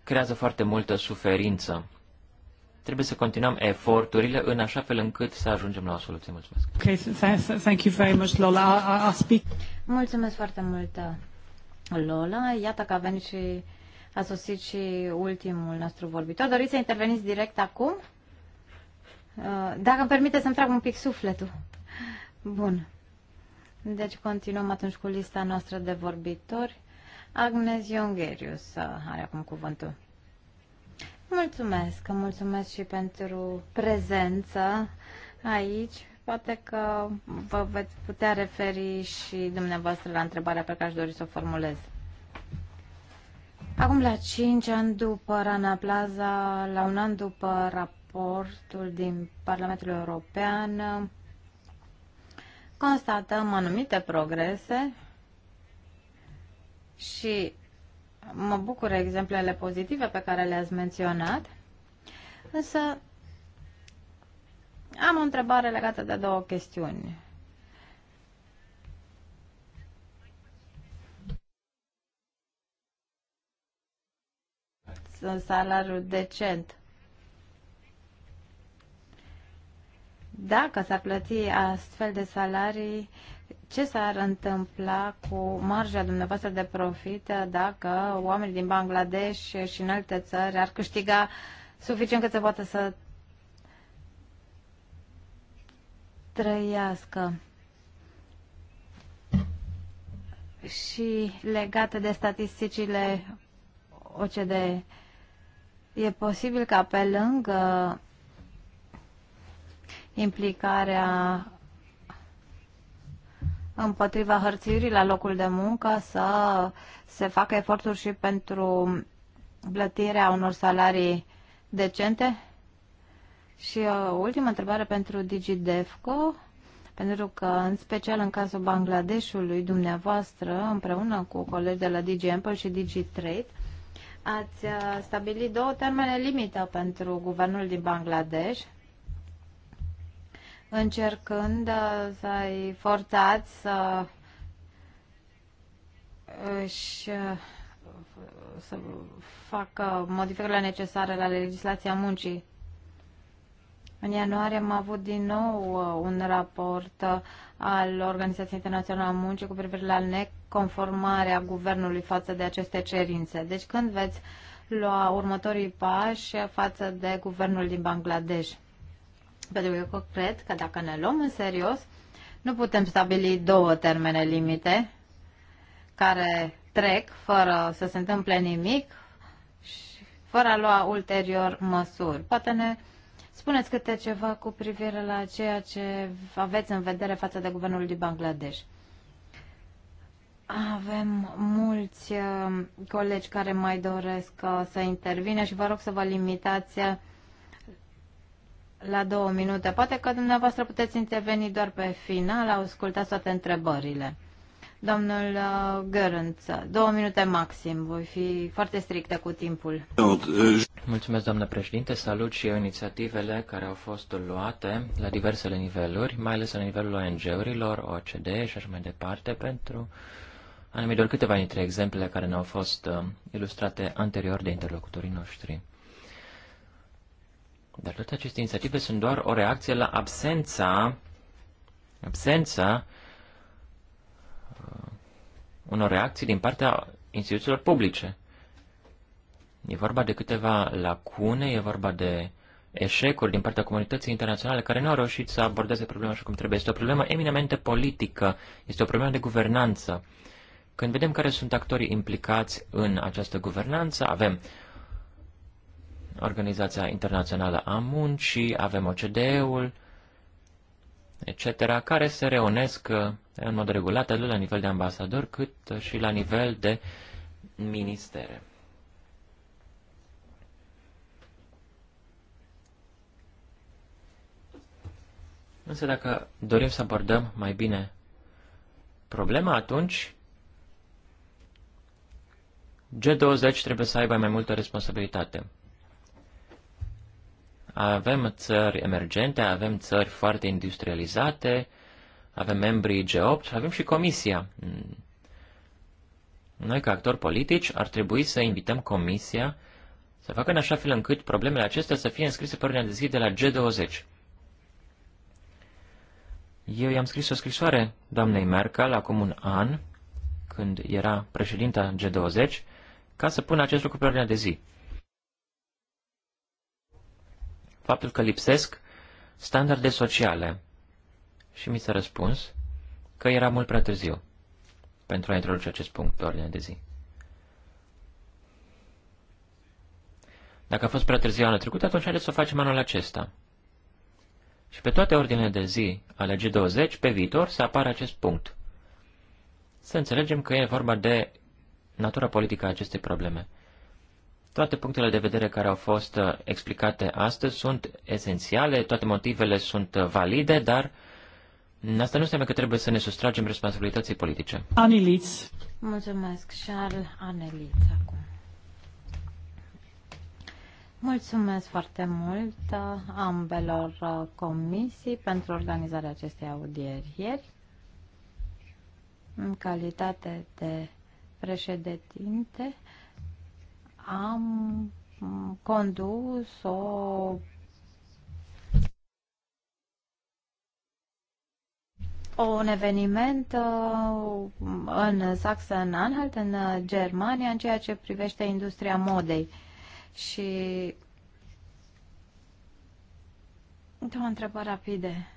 creează foarte multă suferință. Trebuie să continuăm eforturile în așa fel încât să ajungem la o soluție. Mulțumesc. Okay, thank you very much, Lola. I, speak... Mulțumesc foarte mult, Lola. Iată că a venit și a sosit și ultimul nostru vorbitor. Doriți să interveniți direct acum? Uh, dacă îmi permite să-mi trag un pic sufletul. Bun. Deci continuăm atunci cu lista noastră de vorbitori. Agnes Iongerius uh, are acum cuvântul. Mulțumesc, mulțumesc și pentru prezență aici. Poate că vă veți putea referi și dumneavoastră la întrebarea pe care aș dori să o formulez. Acum la 5 ani după Rana Plaza, la un an după raportul din Parlamentul European constatăm anumite progrese și mă bucur exemplele pozitive pe care le-ați menționat, însă am o întrebare legată de două chestiuni. salariu decent dacă s-ar plăti astfel de salarii, ce s-ar întâmpla cu marja dumneavoastră de profit dacă oamenii din Bangladesh și în alte țări ar câștiga suficient cât să poată să trăiască? Și legate de statisticile OCDE, e posibil ca pe lângă implicarea împotriva hărțirii la locul de muncă, să se facă eforturi și pentru plătirea unor salarii decente? Și o uh, ultimă întrebare pentru DigiDefco, pentru că, în special în cazul Bangladeshului, dumneavoastră, împreună cu colegi de la DigiEmple și DigiTrade, ați uh, stabilit două termene limită pentru guvernul din Bangladesh – încercând uh, să-i forțați să își uh, să facă modificările necesare la legislația muncii. În ianuarie am avut din nou uh, un raport al Organizației Internaționale a Muncii cu privire la neconformarea guvernului față de aceste cerințe. Deci când veți lua următorii pași față de guvernul din Bangladesh? Pentru că eu cred că dacă ne luăm în serios, nu putem stabili două termene limite care trec fără să se întâmple nimic și fără a lua ulterior măsuri. Poate ne spuneți câte ceva cu privire la ceea ce aveți în vedere față de guvernul din Bangladesh. Avem mulți uh, colegi care mai doresc uh, să intervine și vă rog să vă limitați uh, la două minute. Poate că dumneavoastră puteți interveni doar pe final, ascultați toate întrebările. Domnul uh, Gărânț, două minute maxim, voi fi foarte strictă cu timpul. Mulțumesc, doamnă președinte, salut și eu inițiativele care au fost luate la diversele niveluri, mai ales la nivelul ONG-urilor, OCD și așa mai departe, pentru a doar câteva dintre exemplele care ne-au fost uh, ilustrate anterior de interlocutorii noștri. Dar toate aceste inițiative sunt doar o reacție la absența, absența uh, unor reacții din partea instituțiilor publice. E vorba de câteva lacune, e vorba de eșecuri din partea comunității internaționale care nu au reușit să abordeze problema așa cum trebuie. Este o problemă eminamente politică, este o problemă de guvernanță. Când vedem care sunt actorii implicați în această guvernanță, avem Organizația Internațională a Muncii, avem OCDE-ul, etc., care se reunesc uh, în mod regulat atât la nivel de ambasador cât uh, și la nivel de ministere. Însă dacă dorim să abordăm mai bine problema, atunci G20 trebuie să aibă mai multă responsabilitate. Avem țări emergente, avem țări foarte industrializate, avem membrii G8 avem și Comisia. Noi, ca actori politici, ar trebui să invităm Comisia să facă în așa fel încât problemele acestea să fie înscrise pe ordinea de zi de la G20. Eu i-am scris o scrisoare doamnei Merkel acum un an, când era președinta G20, ca să pună acest lucru pe ordinea de zi. faptul că lipsesc standarde sociale. Și mi s-a răspuns că era mult prea târziu pentru a introduce acest punct pe ordine de zi. Dacă a fost prea târziu anul trecut, atunci haideți să o facem anul acesta. Și pe toate ordinele de zi ale G20, pe viitor, să apară acest punct. Să înțelegem că e vorba de natura politică a acestei probleme. Toate punctele de vedere care au fost uh, explicate astăzi sunt esențiale, toate motivele sunt uh, valide, dar asta nu înseamnă că trebuie să ne sustragem responsabilității politice. Aneliț. Mulțumesc, Charles Aneliț, acum. Mulțumesc foarte mult uh, ambelor comisii pentru organizarea acestei audieri ieri. În calitate de președinte am mm, condus o un eveniment uh, în Sachsen-Anhalt, în uh, Germania, în ceea ce privește industria modei. Și o întrebare rapide.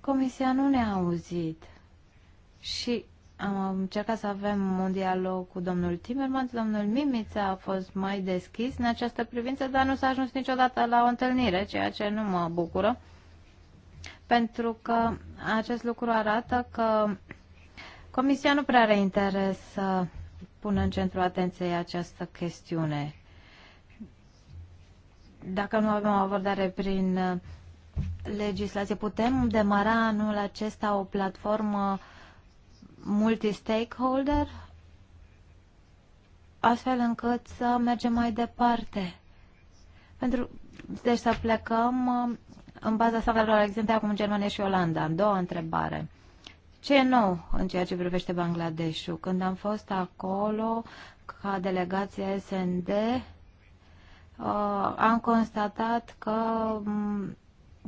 Comisia nu ne-a auzit și am încercat să avem un dialog cu domnul Timmermans, domnul Mimița a fost mai deschis în această privință, dar nu s-a ajuns niciodată la o întâlnire, ceea ce nu mă bucură, pentru că acest lucru arată că Comisia nu prea are interes să pună în centrul atenției această chestiune. Dacă nu avem o abordare prin legislație, putem demara anul acesta o platformă multi-stakeholder, astfel încât să mergem mai departe. Pentru, deci să plecăm uh, în baza standardelor Exemplu acum Germania și Olanda. În două întrebare. Ce e nou în ceea ce privește Bangladeshul? Când am fost acolo ca delegație SND, uh, am constatat că um, mm,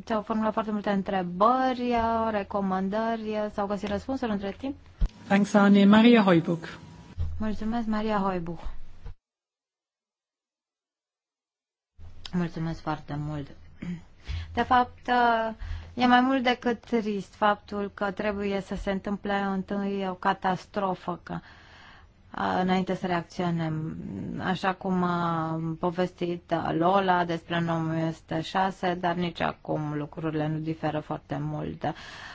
s-au formulat foarte multe întrebări, uh, recomandări, uh, s-au găsit răspunsuri între timp. Danksane Maria Mulțumesc, Maria Hoibuc. Mulțumesc foarte mult. De fapt, uh, e mai mult decât trist faptul că trebuie să se întâmple întâi o catastrofă, că înainte să reacționăm. Așa cum a povestit Lola despre 1906, dar nici acum lucrurile nu diferă foarte mult.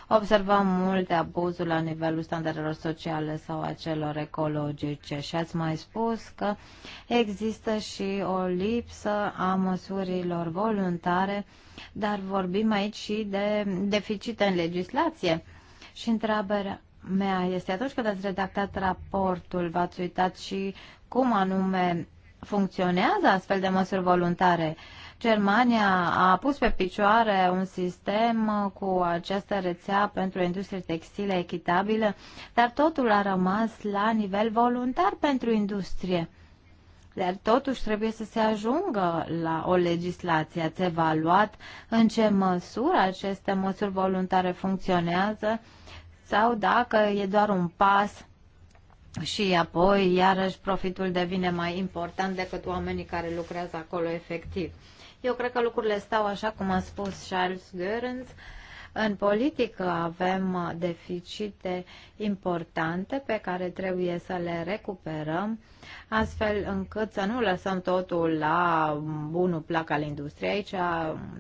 Observăm multe abuzuri la nivelul standardelor sociale sau a celor ecologice și ați mai spus că există și o lipsă a măsurilor voluntare, dar vorbim aici și de deficite în legislație. Și întrebarea mea este atunci când ați redactat raportul, v-ați uitat și cum anume funcționează astfel de măsuri voluntare. Germania a pus pe picioare un sistem cu această rețea pentru industrie textile echitabilă, dar totul a rămas la nivel voluntar pentru industrie. Dar totuși trebuie să se ajungă la o legislație. Ați evaluat în ce măsură aceste măsuri voluntare funcționează sau dacă e doar un pas și apoi iarăși profitul devine mai important decât oamenii care lucrează acolo efectiv. Eu cred că lucrurile stau așa cum a spus Charles Goerens. În politică avem deficite importante pe care trebuie să le recuperăm, astfel încât să nu lăsăm totul la bunul plac al industriei. Aici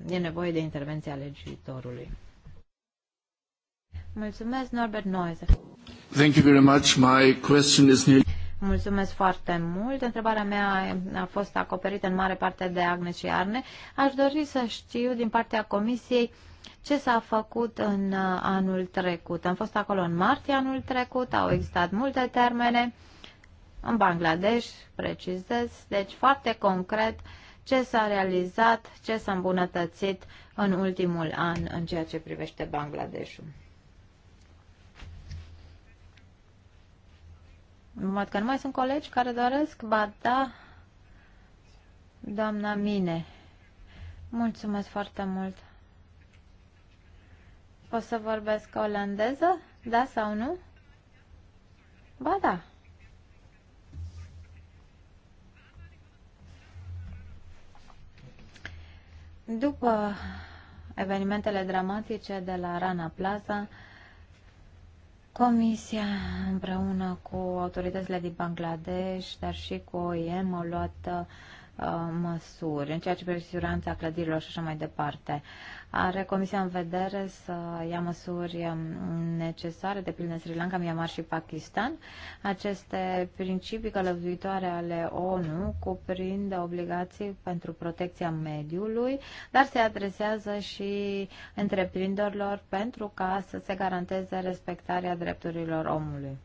e nevoie de intervenția legiuitorului. Mulțumesc, Norbert Noize. Thank you very much. My question is nearly... Mulțumesc foarte mult. Întrebarea mea a fost acoperită în mare parte de Agnes și Arne. Aș dori să știu din partea Comisiei ce s-a făcut în uh, anul trecut. Am fost acolo în martie anul trecut, au existat multe termene în Bangladesh, precizez, deci foarte concret ce s-a realizat, ce s-a îmbunătățit în ultimul an în ceea ce privește Bangladeshul. Numai că nu mai sunt colegi care doresc, ba da, doamna mine. Mulțumesc foarte mult. Pot să vorbesc olandeză? Da sau nu? Ba da. După evenimentele dramatice de la Rana Plaza, Comisia împreună cu autoritățile din Bangladesh, dar și cu OIM, au luat Uh, măsuri în ceea ce privește siguranța clădirilor și așa mai departe. Are Comisia în vedere să ia măsuri um, necesare, de pildă Sri Lanka, Myanmar și Pakistan. Aceste principii călăvitoare ale ONU cuprind obligații pentru protecția mediului, dar se adresează și întreprinderilor pentru ca să se garanteze respectarea drepturilor omului.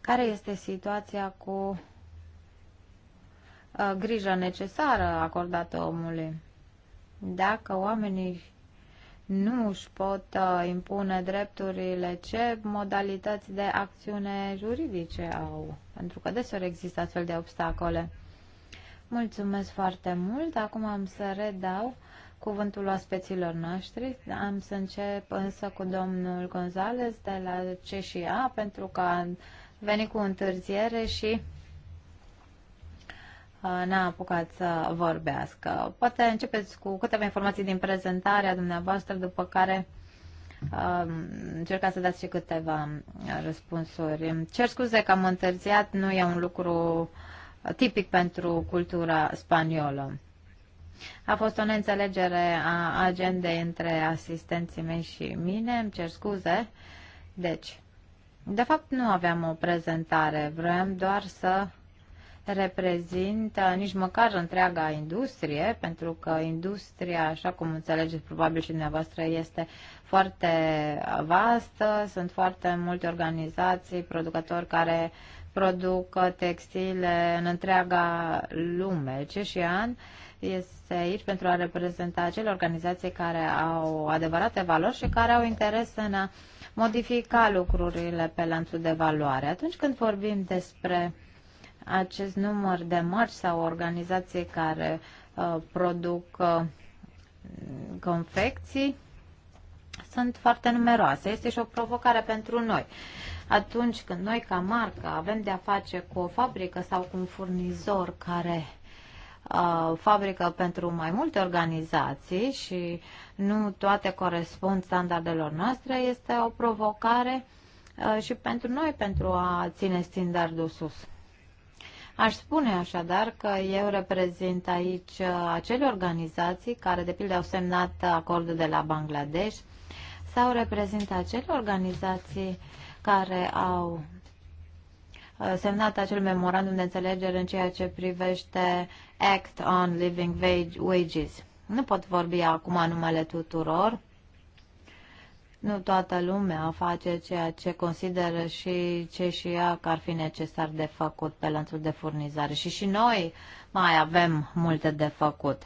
Care este situația cu Uh, grija necesară acordată omului. Dacă oamenii nu își pot uh, impune drepturile, ce modalități de acțiune juridice au? Pentru că deseori există astfel de obstacole. Mulțumesc foarte mult. Acum am să redau cuvântul aspeților noștri. Am să încep însă cu domnul Gonzales de la CESIA, pentru că a venit cu întârziere și Uh, n-a apucat să vorbească. Poate începeți cu câteva informații din prezentarea dumneavoastră, după care um, încercați să dați și câteva uh, răspunsuri. cer scuze că am întârziat, nu e un lucru tipic pentru cultura spaniolă. A fost o neînțelegere a agendei între asistenții mei și mine, îmi cer scuze. Deci, de fapt nu aveam o prezentare, vroiam doar să reprezintă nici măcar întreaga industrie, pentru că industria, așa cum înțelegeți probabil și dumneavoastră, este foarte vastă, sunt foarte multe organizații, producători care produc textile în întreaga lume. Ceșian este aici pentru a reprezenta acele organizații care au adevărate valori și care au interes în a modifica lucrurile pe lanțul de valoare. Atunci când vorbim despre acest număr de mărci sau organizații care uh, produc uh, confecții sunt foarte numeroase. Este și o provocare pentru noi. Atunci când noi ca marcă avem de-a face cu o fabrică sau cu un furnizor care uh, fabrică pentru mai multe organizații și nu toate corespund standardelor noastre, este o provocare uh, și pentru noi pentru a ține standardul sus. Aș spune așadar că eu reprezint aici uh, acele organizații care, de pildă, au semnat acordul de la Bangladesh sau reprezint acele organizații care au uh, semnat acel memorandum de înțelegere în ceea ce privește Act on Living Wages. Nu pot vorbi acum numele tuturor, nu toată lumea face ceea ce consideră și ce și ea că ar fi necesar de făcut pe lanțul de furnizare. Și și noi mai avem multe de făcut.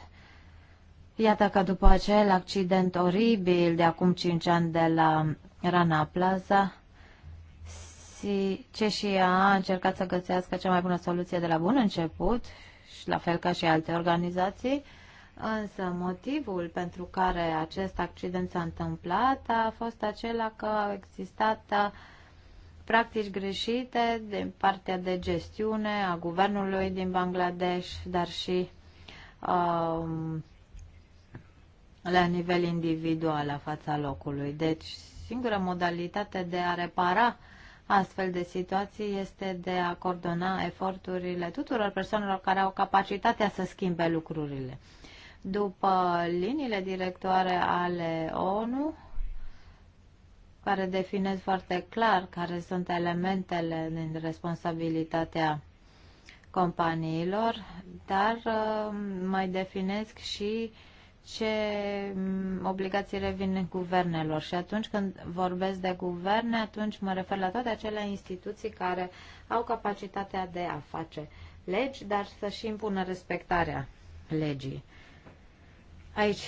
Iată că după acel accident oribil de acum cinci ani de la Rana Plaza, ce ea a încercat să găsească cea mai bună soluție de la bun început, și la fel ca și alte organizații, Însă motivul pentru care acest accident s-a întâmplat a fost acela că au existat practici greșite din partea de gestiune a guvernului din Bangladesh, dar și um, la nivel individual la fața locului. Deci singura modalitate de a repara astfel de situații este de a coordona eforturile tuturor persoanelor care au capacitatea să schimbe lucrurile după liniile directoare ale ONU, care definez foarte clar care sunt elementele din responsabilitatea companiilor, dar uh, mai definesc și ce mm, obligații revin guvernelor. Și atunci când vorbesc de guverne, atunci mă refer la toate acele instituții care au capacitatea de a face legi, dar să și impună respectarea legii aici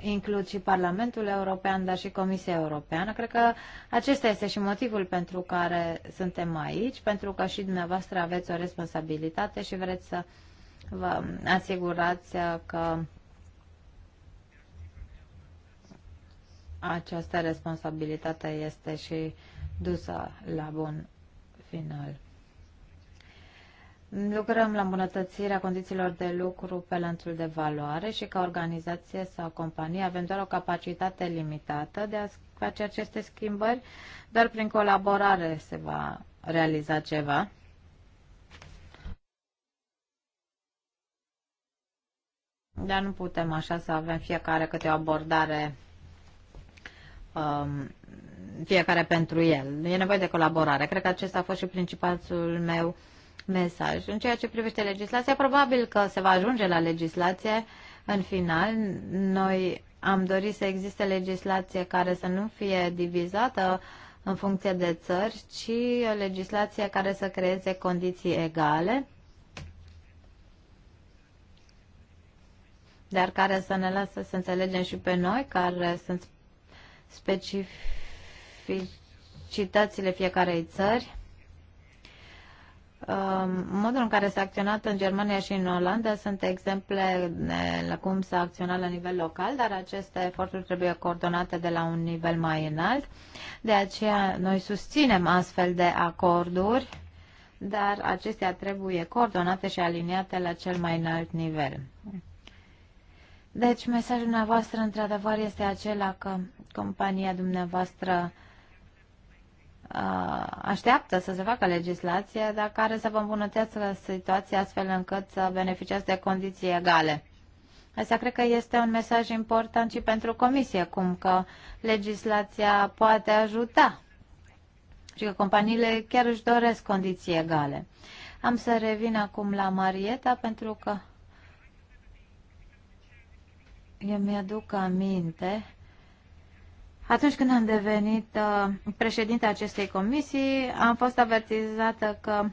includ și Parlamentul European, dar și Comisia Europeană. Cred că acesta este și motivul pentru care suntem aici, pentru că și dumneavoastră aveți o responsabilitate și vreți să vă asigurați că această responsabilitate este și dusă la bun final. Lucrăm la îmbunătățirea condițiilor de lucru pe lanțul de valoare și ca organizație sau companie avem doar o capacitate limitată de a face aceste schimbări, doar prin colaborare se va realiza ceva. Dar nu putem așa să avem fiecare câte o abordare um, fiecare pentru el. E nevoie de colaborare. Cred că acesta a fost și principalul meu mesaj. În ceea ce privește legislația, probabil că se va ajunge la legislație în final. Noi am dorit să existe legislație care să nu fie divizată în funcție de țări, ci legislație care să creeze condiții egale, dar care să ne lasă să înțelegem și pe noi care sunt specificitățile fiecarei țări. Um, modul în care s-a acționat în Germania și în Olanda sunt exemple la cum s-a acționat la nivel local, dar aceste eforturi trebuie coordonate de la un nivel mai înalt. De aceea noi susținem astfel de acorduri, dar acestea trebuie coordonate și aliniate la cel mai înalt nivel. Deci mesajul dumneavoastră într-adevăr este acela că compania dumneavoastră Uh, așteaptă să se facă legislație, dar care să vă îmbunătățească situația astfel încât să beneficiați de condiții egale. Asta cred că este un mesaj important și pentru Comisie, cum că legislația poate ajuta și că companiile chiar își doresc condiții egale. Am să revin acum la Marieta pentru că eu mi-aduc aminte atunci când am devenit uh, președinte acestei comisii, am fost avertizată că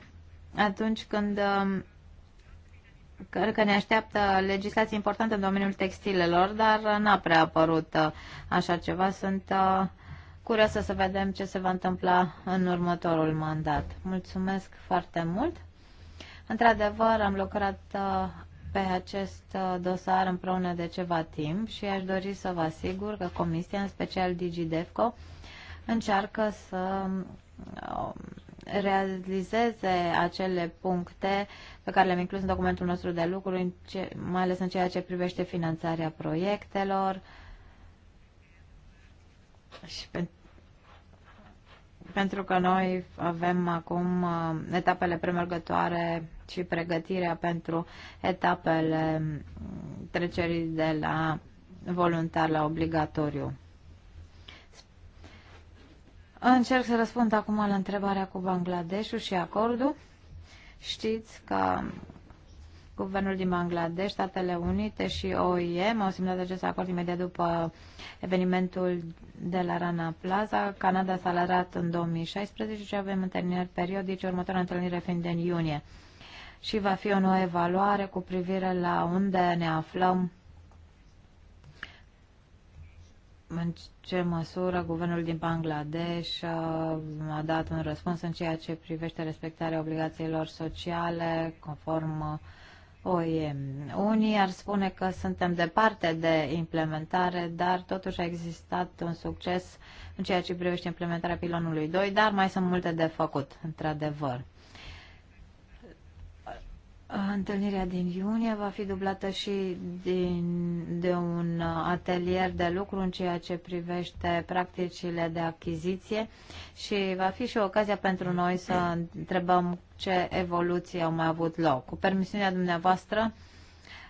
atunci când um, cred că ne așteaptă legislație importantă în domeniul textilelor, dar n-a prea apărut uh, așa ceva. Sunt uh, curioasă să vedem ce se va întâmpla în următorul mandat. Mulțumesc foarte mult! Într-adevăr, am lucrat pe acest uh, dosar împreună de ceva timp și aș dori să vă asigur că Comisia, în special DigiDefco, încearcă să um, realizeze acele puncte pe care le-am inclus în documentul nostru de lucru, mai ales în ceea ce privește finanțarea proiectelor și pentru pentru că noi avem acum uh, etapele premergătoare și pregătirea pentru etapele trecerii de la voluntar la obligatoriu. Încerc să răspund acum la întrebarea cu Bangladeshul și acordul. Știți că Guvernul din Bangladesh, Statele Unite și OIM au semnat acest acord imediat după evenimentul de la Rana Plaza. Canada s-a alertat în 2016 și avem întâlniri periodice, următoarea întâlnire fiind în iunie și va fi o nouă evaluare cu privire la unde ne aflăm, în ce măsură guvernul din Bangladesh uh, a dat un răspuns în ceea ce privește respectarea obligațiilor sociale conform uh, OIM. Unii ar spune că suntem departe de implementare, dar totuși a existat un succes în ceea ce privește implementarea pilonului 2, dar mai sunt multe de făcut, într-adevăr. Întâlnirea din iunie va fi dublată și din, de un atelier de lucru în ceea ce privește practicile de achiziție și va fi și ocazia pentru noi să întrebăm ce evoluții au mai avut loc. Cu permisiunea dumneavoastră,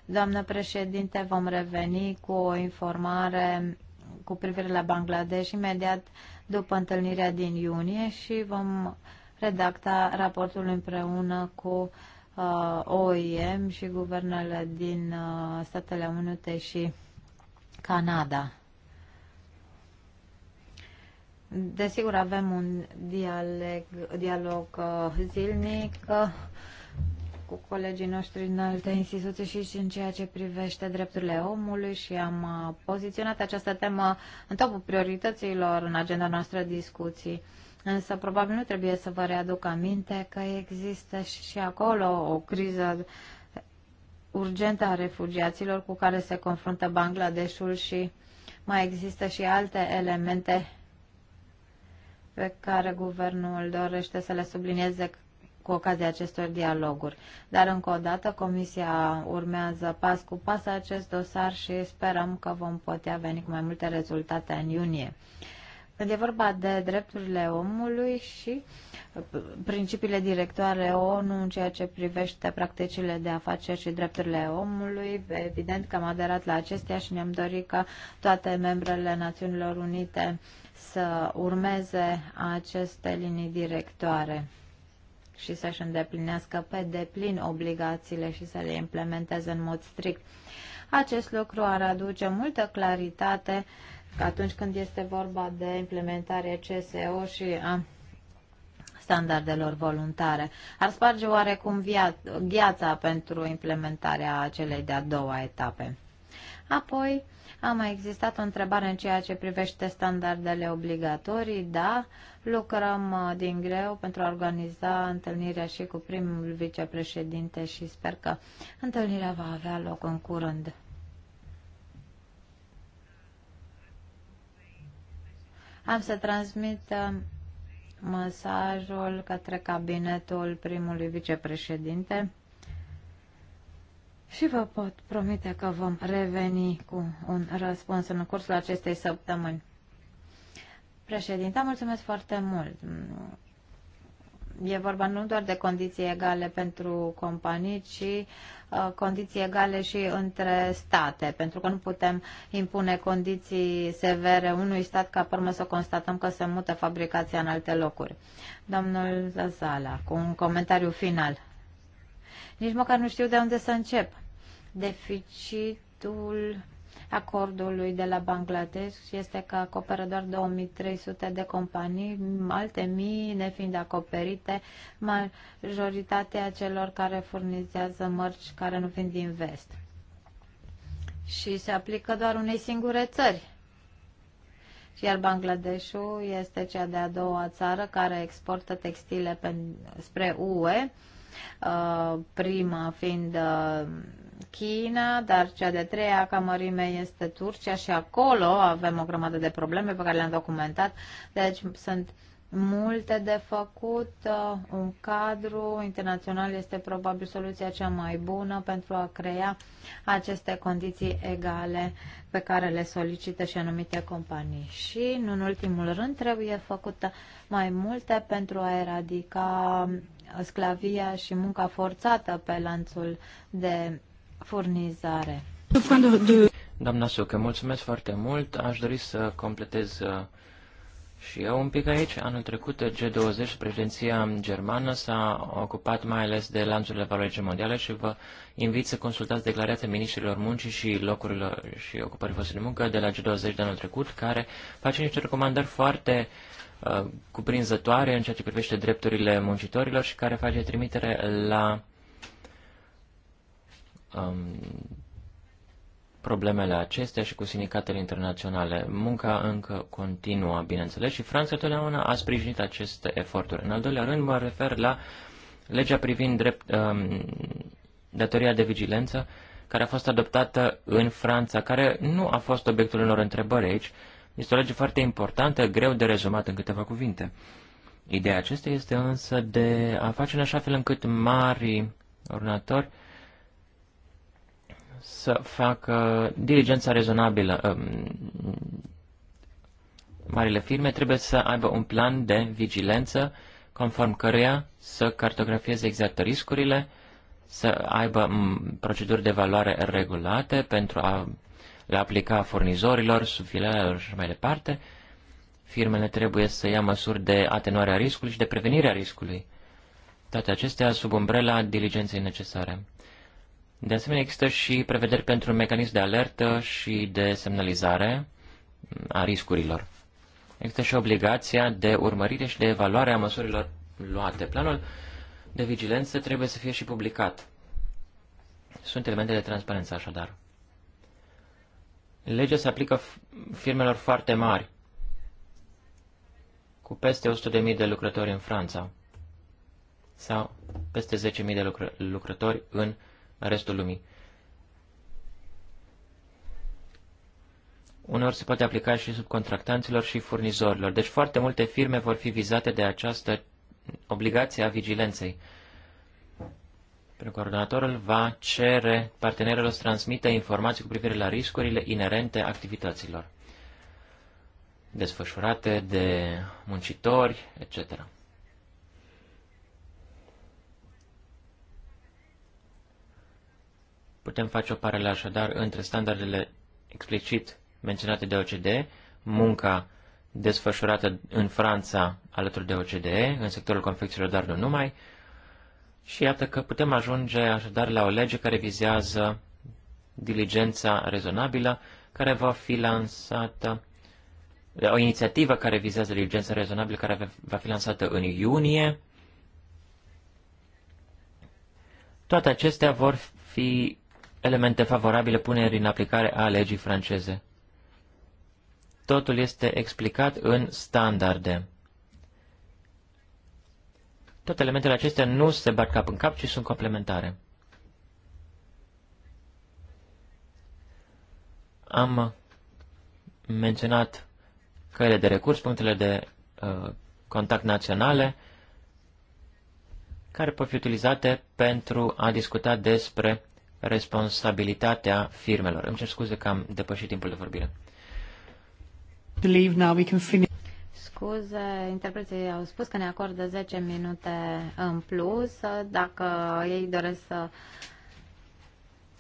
doamnă președinte, vom reveni cu o informare cu privire la Bangladesh imediat după întâlnirea din iunie și vom redacta raportul împreună cu uh, Uh, OIM și guvernele din uh, Statele Unite și Canada. Desigur, avem un dialeg, dialog uh, zilnic cu colegii noștri în alte instituții și în ceea ce privește drepturile omului și am poziționat această temă în topul priorităților în agenda noastră discuții Însă probabil nu trebuie să vă readuc aminte că există și acolo o criză urgentă a refugiaților cu care se confruntă Bangladeshul și mai există și alte elemente pe care guvernul dorește să le sublinieze cu ocazia acestor dialoguri. Dar încă o dată Comisia urmează pas cu pas acest dosar și sperăm că vom putea veni cu mai multe rezultate în iunie. Când e vorba de drepturile omului și uh, principiile directoare ONU în ceea ce privește practicile de afaceri și drepturile omului, evident că am aderat la acestea și ne-am dorit ca toate membrele Națiunilor Unite să urmeze aceste linii directoare și să-și îndeplinească pe deplin obligațiile și să le implementeze în mod strict. Acest lucru ar aduce multă claritate că atunci când este vorba de implementarea CSO și a standardelor voluntare, ar sparge oarecum gheața pentru implementarea celei de-a doua etape. Apoi, a mai existat o întrebare în ceea ce privește standardele obligatorii. Da, lucrăm uh, din greu pentru a organiza întâlnirea și cu primul vicepreședinte și sper că întâlnirea va avea loc în curând. Am să transmit uh, mesajul către cabinetul primului vicepreședinte și vă pot promite că vom reveni cu un răspuns în cursul acestei săptămâni. Președinte, mulțumesc foarte mult e vorba nu doar de condiții egale pentru companii, ci uh, condiții egale și între state, pentru că nu putem impune condiții severe unui stat ca pe urmă să constatăm că se mută fabricația în alte locuri. Domnul Zazala, cu un comentariu final. Nici măcar nu știu de unde să încep. Deficitul acordului de la Bangladesh este că acoperă doar 2300 de companii, alte mii nefiind acoperite, majoritatea celor care furnizează mărci care nu vin din vest. Și se aplică doar unei singure țări. Iar Bangladeshul este cea de-a doua țară care exportă textile spre UE, uh, prima fiind uh, China, dar cea de treia ca mărime este Turcia și acolo avem o grămadă de probleme pe care le-am documentat. Deci sunt multe de făcut. Uh, un cadru internațional este probabil soluția cea mai bună pentru a crea aceste condiții egale pe care le solicită și anumite companii. Și, în ultimul rând, trebuie făcută mai multe pentru a eradica sclavia și munca forțată pe lanțul de furnizare. Doamna Sucă, mulțumesc foarte mult. Aș dori să completez uh, și eu un pic aici. Anul trecut, G20, președinția germană, s-a ocupat mai ales de lanțurile valorice mondiale și vă invit să consultați declarația ministrilor muncii și locurilor și ocupării fostului de muncă de la G20 de anul trecut, care face niște recomandări foarte uh, cuprinzătoare în ceea ce privește drepturile muncitorilor și care face trimitere la um, problemele acestea și cu sindicatele internaționale. Munca încă continuă, bineînțeles, și Franța totdeauna a sprijinit aceste eforturi. În al doilea rând, mă refer la legea privind drept, um, datoria de vigilență, care a fost adoptată în Franța, care nu a fost obiectul unor întrebări aici. Este o lege foarte importantă, greu de rezumat în câteva cuvinte. Ideea acesta este însă de a face în așa fel încât mari ornatori uh, să facă diligența rezonabilă. Marile firme trebuie să aibă un plan de vigilență conform căruia să cartografieze exact riscurile, să aibă proceduri de valoare regulate pentru a le aplica furnizorilor, subfilialelor și mai departe. Firmele trebuie să ia măsuri de atenuare a riscului și de prevenire a riscului. Toate acestea sub umbrela diligenței necesare. De asemenea, există și prevederi pentru un mecanism de alertă și de semnalizare a riscurilor. Există și obligația de urmărire și de evaluare a măsurilor luate. Planul de vigilență trebuie să fie și publicat. Sunt elemente de transparență, așadar. Legea se aplică firmelor foarte mari, cu peste 100.000 de lucrători în Franța sau peste 10.000 de lucrători în restul lumii. Unor se poate aplica și subcontractanților și furnizorilor, deci foarte multe firme vor fi vizate de această obligație a vigilenței. Coordonatorul va cere partenerilor să transmită informații cu privire la riscurile inerente activităților desfășurate de muncitori, etc. Putem face o paralelă așadar între standardele explicit menționate de OCDE, munca desfășurată în Franța alături de OCDE, în sectorul confecțiilor, dar nu numai, și iată că putem ajunge așadar la o lege care vizează diligența rezonabilă, care va fi lansată, o inițiativă care vizează diligența rezonabilă, care va fi lansată în iunie. Toate acestea vor fi elemente favorabile punerii în aplicare a legii franceze. Totul este explicat în standarde. Toate elementele acestea nu se bat cap în cap, ci sunt complementare. Am menționat căile de recurs, punctele de uh, contact naționale, care pot fi utilizate pentru a discuta despre responsabilitatea firmelor. Îmi cer scuze că am depășit timpul de vorbire. Believe now we can finish. Scuze, interpreții au spus că ne acordă 10 minute în plus. Dacă ei doresc să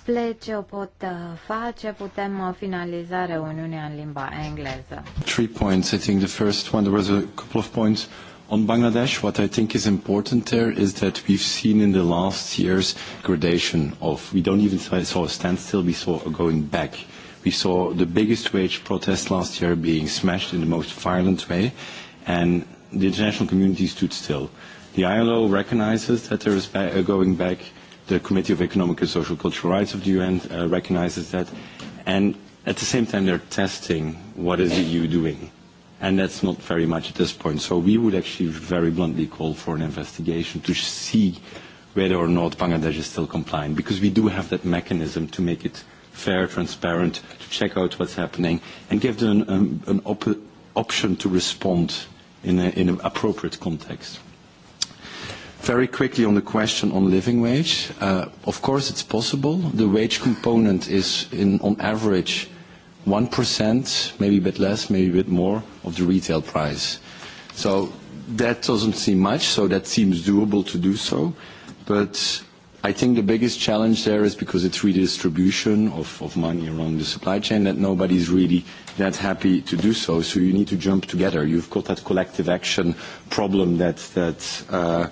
plece, o pot uh, face, putem uh, finaliza reuniunea în limba engleză. Three points, I think the first one, there was a couple of points On Bangladesh, what I think is important there is that we've seen in the last years gradation of, we don't even saw a standstill, we saw a going back. We saw the biggest wage protest last year being smashed in the most violent way, and the international community stood still. The ILO recognizes that there is a going back. The Committee of Economic and Social Cultural Rights of the UN uh, recognizes that. And at the same time, they're testing what is the EU doing and that's not very much at this point. So we would actually very bluntly call for an investigation to see whether or not Bangladesh is still compliant, because we do have that mechanism to make it fair, transparent, to check out what's happening, and give them an, um, an op option to respond in, a, in an appropriate context. Very quickly on the question on living wage. Uh, of course, it's possible. The wage component is, in, on average, 1%, maybe a bit less, maybe a bit more, of the retail price. So that doesn't seem much, so that seems doable to do so. But I think the biggest challenge there is because it's redistribution of, of money around the supply chain that nobody's really that happy to do so. So you need to jump together. You've got that collective action problem that, that uh,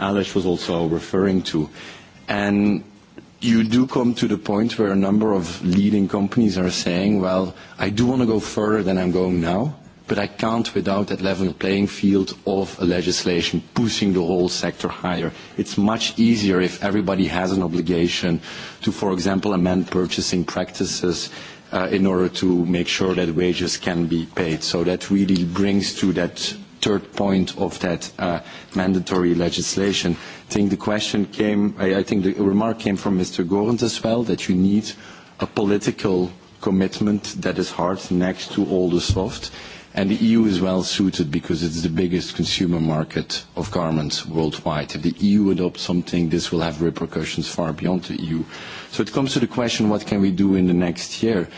was also referring to. And you do come to the point where a number of leading companies are saying, well, I do want to go further than I'm going now, but I can't without that level playing field of a legislation pushing the whole sector higher. It's much easier if everybody has an obligation to, for example, amend purchasing practices uh, in order to make sure that wages can be paid. So that really brings to that third point of that uh, mandatory legislation. I think the question came, I, I think the remark came from Mr. Gorens as well, that you need a political commitment that is hard next to all the soft. And the EU is well suited because it's the biggest consumer market of garments worldwide. If the EU adopts something, this will have repercussions far beyond the EU. So it comes to the question, what can we do in the next year?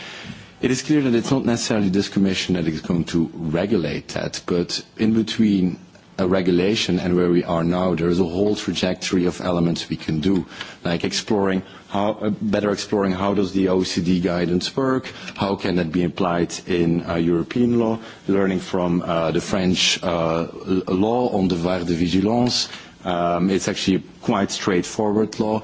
It is clear that it's not necessarily this commission that is going to regulate that, but in between a regulation and where we are now, there is a whole trajectory of elements we can do, like exploring how, uh, better exploring how does the OECD guidance work, how can that be applied in uh, European law, learning from uh, the French uh, law on devoir de vigilance. Um, it's actually a quite straightforward law.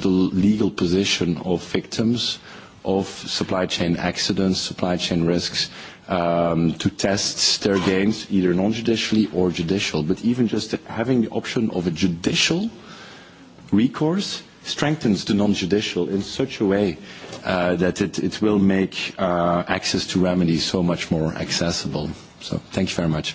the legal position of victims of supply chain accidents, supply chain risks, um, to test their gains either non-judicially or judicial. But even just having the option of a judicial recourse strengthens the non-judicial in such a way uh, that it, it will make uh, access to remedies so much more accessible. So thank you very much.